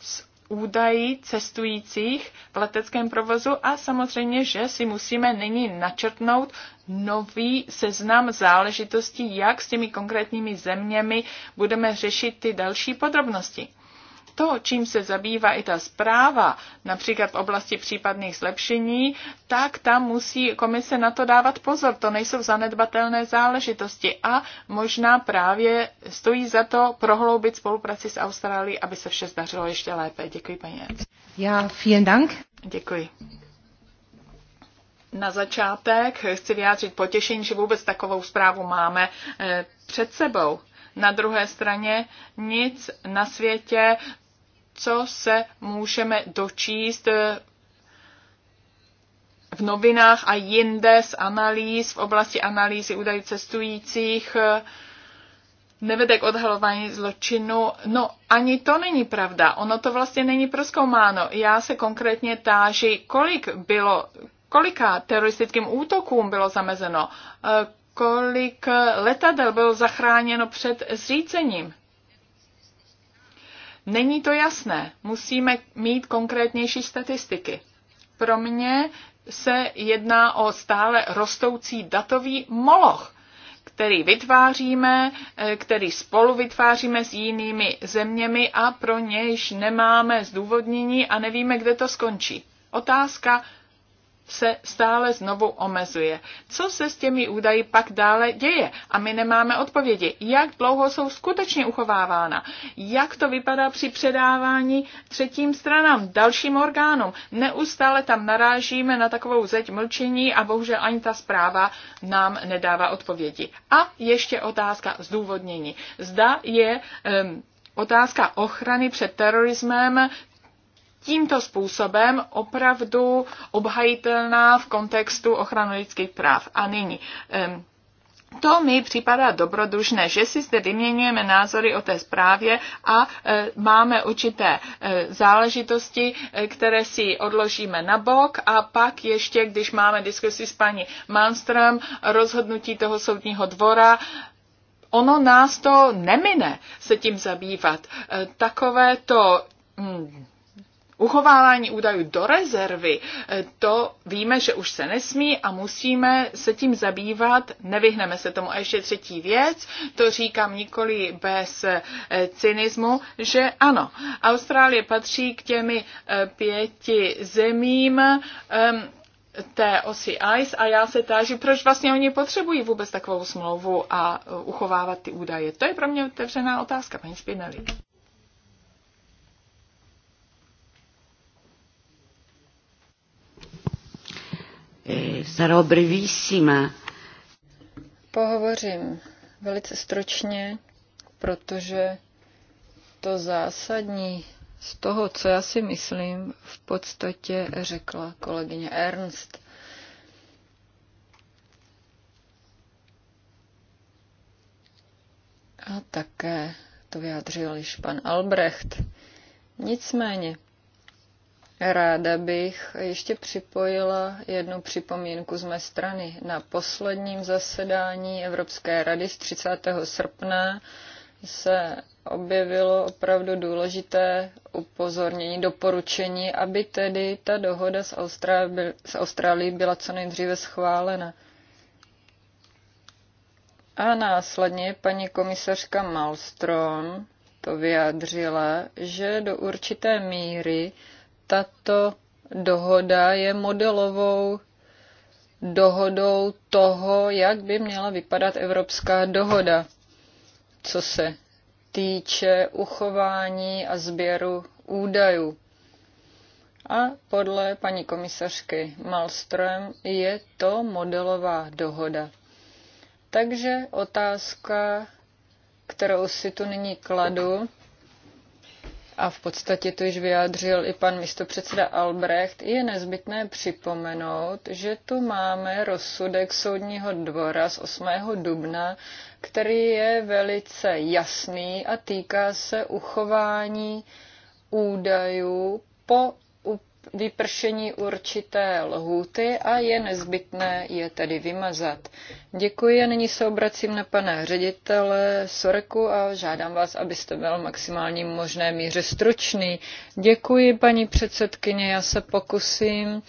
s údají cestujících v leteckém provozu a samozřejmě, že si musíme nyní načrtnout nový seznam záležitostí, jak s těmi konkrétními zeměmi budeme řešit ty další podrobnosti to, čím se zabývá i ta zpráva, například v oblasti případných zlepšení, tak tam musí komise na to dávat pozor. To nejsou zanedbatelné záležitosti a možná právě stojí za to prohloubit spolupráci s Austrálií, aby se vše zdařilo ještě lépe. Děkuji, paní Jens. Já, vielen Dank. Děkuji. Na začátek chci vyjádřit potěšení, že vůbec takovou zprávu máme eh, před sebou. Na druhé straně nic na světě co se můžeme dočíst eh, v novinách a jinde z analýz, v oblasti analýzy údajů cestujících, eh, nevede k odhalování zločinu. No, ani to není pravda. Ono to vlastně není proskoumáno. Já se konkrétně táži, kolik bylo, kolika teroristickým útokům bylo zamezeno, eh, kolik letadel bylo zachráněno před zřícením. Není to jasné. Musíme mít konkrétnější statistiky. Pro mě se jedná o stále rostoucí datový moloch, který vytváříme, eh, který spolu vytváříme s jinými zeměmi a pro nějž nemáme zdůvodnění a nevíme, kde to skončí. Otázka se stále znovu omezuje. Co se s těmi údaji pak dále děje? A my nemáme odpovědi. Jak dlouho jsou skutečně uchovávána? Jak to vypadá při předávání třetím stranám, dalším orgánům? Neustále tam narážíme na takovou zeď mlčení a bohužel ani ta zpráva nám nedává odpovědi. A ještě otázka zdůvodnění. Zda je um, otázka ochrany před terorismem tímto způsobem opravdu obhajitelná v kontextu ochrany lidských práv. A nyní. To mi připadá dobrodružné, že si zde vyměňujeme názory o té zprávě a e, máme určité e, záležitosti, e, které si odložíme na bok a pak ještě, když máme diskusi s paní Manström, rozhodnutí toho soudního dvora, ono nás to nemine se tím zabývat. E, takové to... Mm, uchovávání údajů do rezervy, eh, to víme, že už se nesmí a musíme se tím zabývat, nevyhneme se tomu. A ještě třetí věc, to říkám nikoli bez eh, cynismu, že ano, Austrálie patří k těmi eh, pěti zemím, ehm, té osy ICE a já se táži, proč vlastně oni potřebují vůbec takovou smlouvu a uchovávat ty údaje. To je pro mě otevřená otázka, paní Spinelli. sarò brevissima. Pohovořím velice stročně, protože to zásadní z toho, co já si myslím, v podstatě řekla kolegyně Ernst. A také to vyjádřil již pan Albrecht. Nicméně, Ráda bych ještě připojila jednu připomínku z mé strany. Na posledním zasedání Evropské rady z 30. srpna se objevilo opravdu důležité upozornění, doporučení, aby tedy ta dohoda s, Austrálii, s Austrálií byla co nejdříve schválena. A následně paní komisařka Malmström to vyjádřila, že do určité míry tato dohoda je modelovou dohodou toho, jak by měla vypadat evropská dohoda, co se týče uchování a sběru údajů. A podle paní komisařky Malström je to modelová dohoda. Takže otázka, kterou si tu nyní kladu, a v podstatě to již vyjádřil i pan místopředseda Albrecht, je nezbytné připomenout, že tu máme rozsudek soudního dvora z 8. dubna, který je velice jasný a týká se uchování údajů po vypršení určité lhůty a je nezbytné je tedy vymazat. Děkuji a nyní se obracím na pana ředitele Soreku a žádám vás, abyste byl maximální možné míře stručný. Děkuji, paní předsedkyně, já se pokusím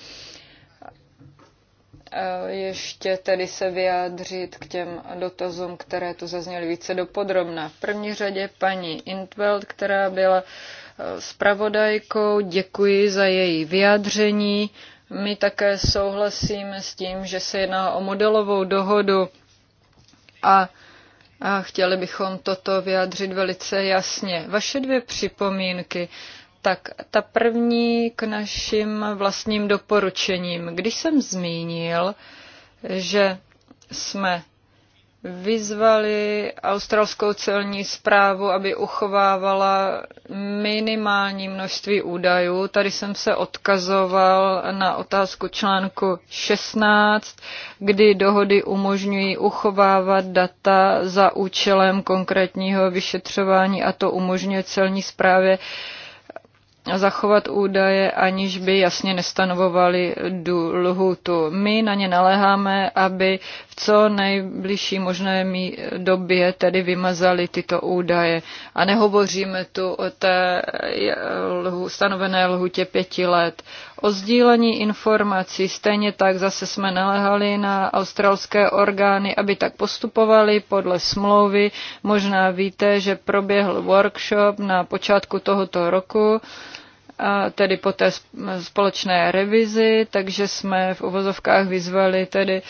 eh, ještě tedy se vyjádřit k těm dotazům, které tu zazněly více dopodrobna. V první řadě paní Intveld, která byla uh, zpravodajkou, děkuji za její vyjádření. My také souhlasíme s tím, že se jedná o modelovou dohodu a a chtěli bychom toto vyjádřit velice jasně. Vaše dvě připomínky. Tak ta první k našim vlastním doporučením. Když jsem zmínil, že jsme vyzvali australskou celní zprávu, aby uchovávala minimální množství údajů. Tady jsem se odkazoval na otázku článku 16, kdy dohody umožňují uchovávat data za účelem konkrétního vyšetřování a to umožňuje celní zprávě uh, zachovat údaje, aniž by jasně nestanovovali lhutu. My na ně naléháme, aby v co nejbližší možné době tedy vymazali tyto údaje. A nehovoříme tu o té lhu, stanovené lhutě pěti let. O sdílení informací stejně tak zase jsme naléhali na australské orgány, aby tak postupovali podle smlouvy. Možná víte, že proběhl workshop na počátku tohoto roku tedy po té společné revizi, takže jsme v uvozovkách vyzvali tedy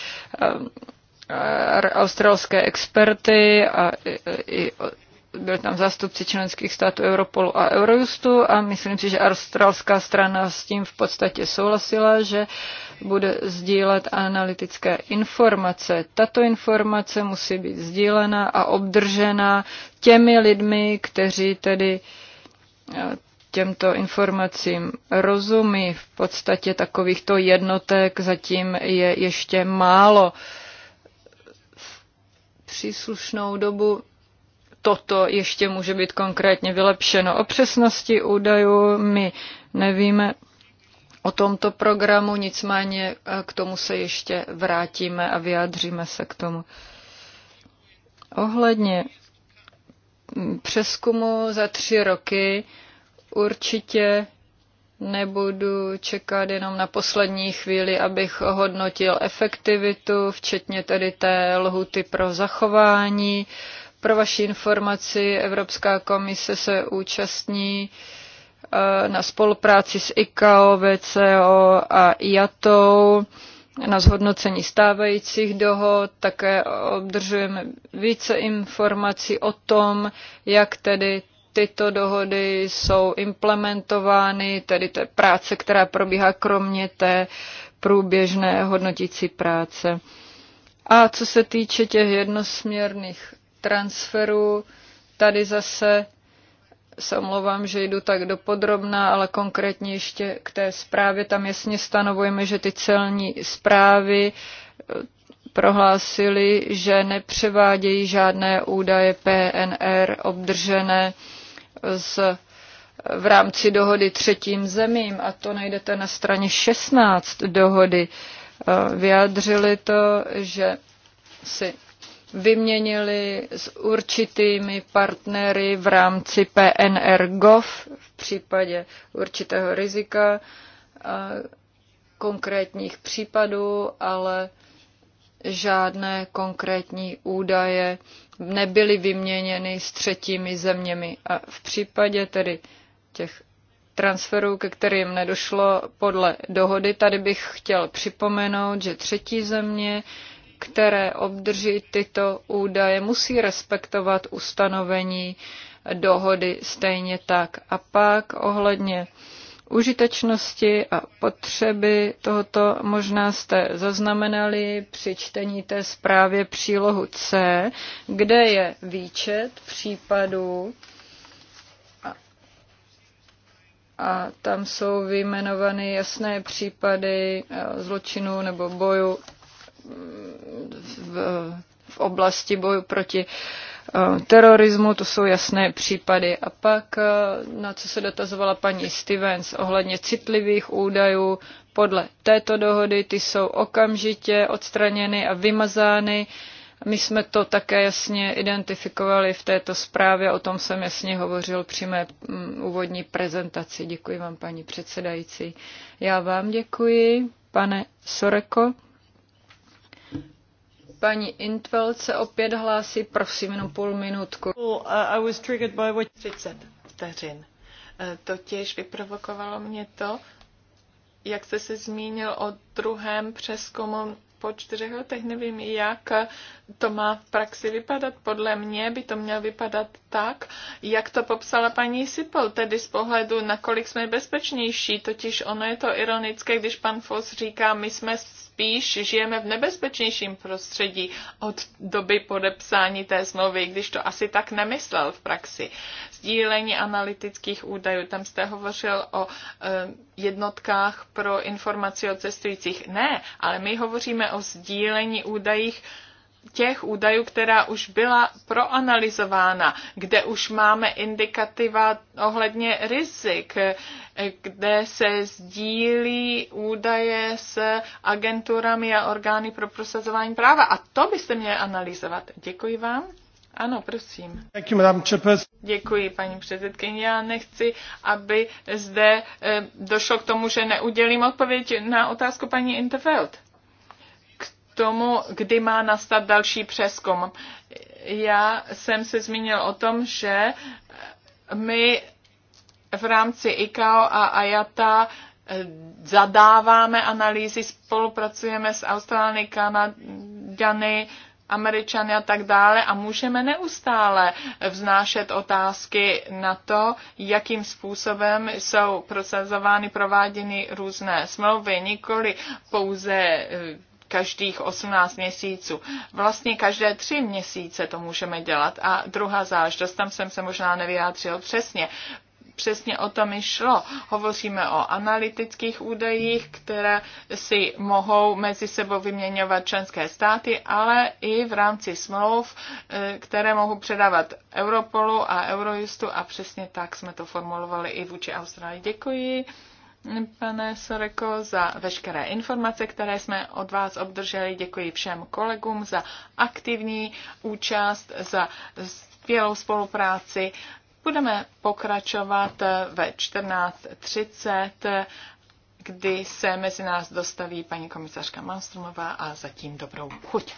eh, australské experty a i byli tam zástupci členských států Europolu a Eurojustu a myslím si, že australská strana s tím v podstatě souhlasila, že bude sdílet analytické informace. Tato informace musí být sdílena a obdržena těmi lidmi, kteří tedy eh, těmto informacím rozumí. V podstatě takovýchto jednotek zatím je ještě málo. V příslušnou dobu toto ještě může být konkrétně vylepšeno. O přesnosti údajů my nevíme o tomto programu, nicméně eh, k tomu se ještě vrátíme a vyjádříme se k tomu. Ohledně mm, přeskumu za tři roky Určitě nebudu čekat jenom na poslední chvíli, abych hodnotil efektivitu, včetně tedy té lhuty pro zachování. Pro vaši informaci, Evropská komise se účastní eh, na spolupráci s ICAO, VCO a IATO na zhodnocení stávajících dohod, také obdržujeme více informací o tom, jak tedy tyto dohody jsou implementovány, tedy té práce, která probíhá kromě té průběžné hodnotící práce. A co se týče těch jednosměrných transferů, tady zase se omlouvám, že jdu tak do podrobna, ale konkrétně ještě k té zprávě. Tam jasně stanovujeme, že ty celní zprávy eh, prohlásili, že nepřevádějí žádné údaje PNR obdržené z, v rámci dohody třetím zemím, a to najdete na straně 16 dohody, e, vyjádřili to, že si vyměnili s určitými partnery v rámci PNR GOV v případě určitého rizika e, konkrétních případů, ale žádné konkrétní údaje nebyly vyměněny s třetími zeměmi. A v případě tedy těch transferů, ke kterým nedošlo podle dohody, tady bych chtěl připomenout, že třetí země, které obdrží tyto údaje, musí respektovat ustanovení dohody stejně tak. A pak ohledně užitečnosti a potřeby tohoto možná jste zaznamenali při čtení té zprávě přílohu C, kde je výčet případů a, a tam jsou vyjmenovány jasné případy eh, zločinů nebo boju mm, v, v oblasti boju proti uh, Eh, terorismu, to jsou jasné případy. A pak, eh, na co se dotazovala paní Stevens ohledně citlivých údajů, podle této dohody ty jsou okamžitě odstraněny a vymazány. My jsme to také jasně identifikovali v této zprávě, o tom jsem jasně hovořil při mé mm, úvodní prezentaci. Děkuji vám, paní předsedající. Já vám děkuji, pane Soreko. Paní Intveld se opět hlásí, prosím, jenom půl minutku. Uh, I was triggered by what... vteřin. Eh, totiž vyprovokovalo mě to, jak jste se zmínil o druhém přeskumu po čtyřech letech, nevím, jak to má v praxi vypadat. Podle mě by to mělo vypadat tak, jak to popsala paní Sipol, tedy z pohledu, nakolik jsme bezpečnější. Totiž ono je to ironické, když pan Foss říká, my jsme spíš žijeme v nebezpečnějším prostředí od doby podepsání té smlouvy, když to asi tak nemyslel v praxi. Sdílení analytických údajů, tam jste hovořil o eh, jednotkách pro informaci o cestujících. Ne, ale my hovoříme o sdílení údajích těch údajů, která už byla proanalizována, kde už máme indikativa ohledně rizik, kde se sdílí údaje s agenturami a orgány pro prosazování práva. A to byste měli analyzovat. Děkuji vám. Ano, prosím. Děkuji, paní předsedkyně. Já nechci, aby zde eh, došlo k tomu, že neudělím odpověď na otázku paní Interfeld tomu, kdy má nastat další přeskum. Já jsem se zmínil o tom, že my v rámci ICAO a AJATA eh, zadáváme analýzy, spolupracujeme s Austrálny, Kanaďany, Američany a tak dále a můžeme neustále vznášet otázky na to, jakým způsobem jsou procesovány, prováděny různé smlouvy, nikoli pouze eh, každých 18 měsíců. Vlastně každé tři měsíce to můžeme dělat. A druhá záležitost, tam jsem se možná nevyjádřil přesně. Přesně o tom mi šlo. Hovoříme o analytických údajích, které si mohou mezi sebou vyměňovat členské státy, ale i v rámci smlouv, eh, které mohou předávat Europolu a Eurojustu a přesně tak jsme to formulovali i vůči Austrálii. Děkuji pane Soreko, za veškeré informace, které jsme od vás obdrželi. Děkuji všem kolegům za aktivní účast, za skvělou spolupráci. Budeme pokračovat ve 14.30, kdy se mezi nás dostaví paní komisařka Malstromová a zatím dobrou chuť.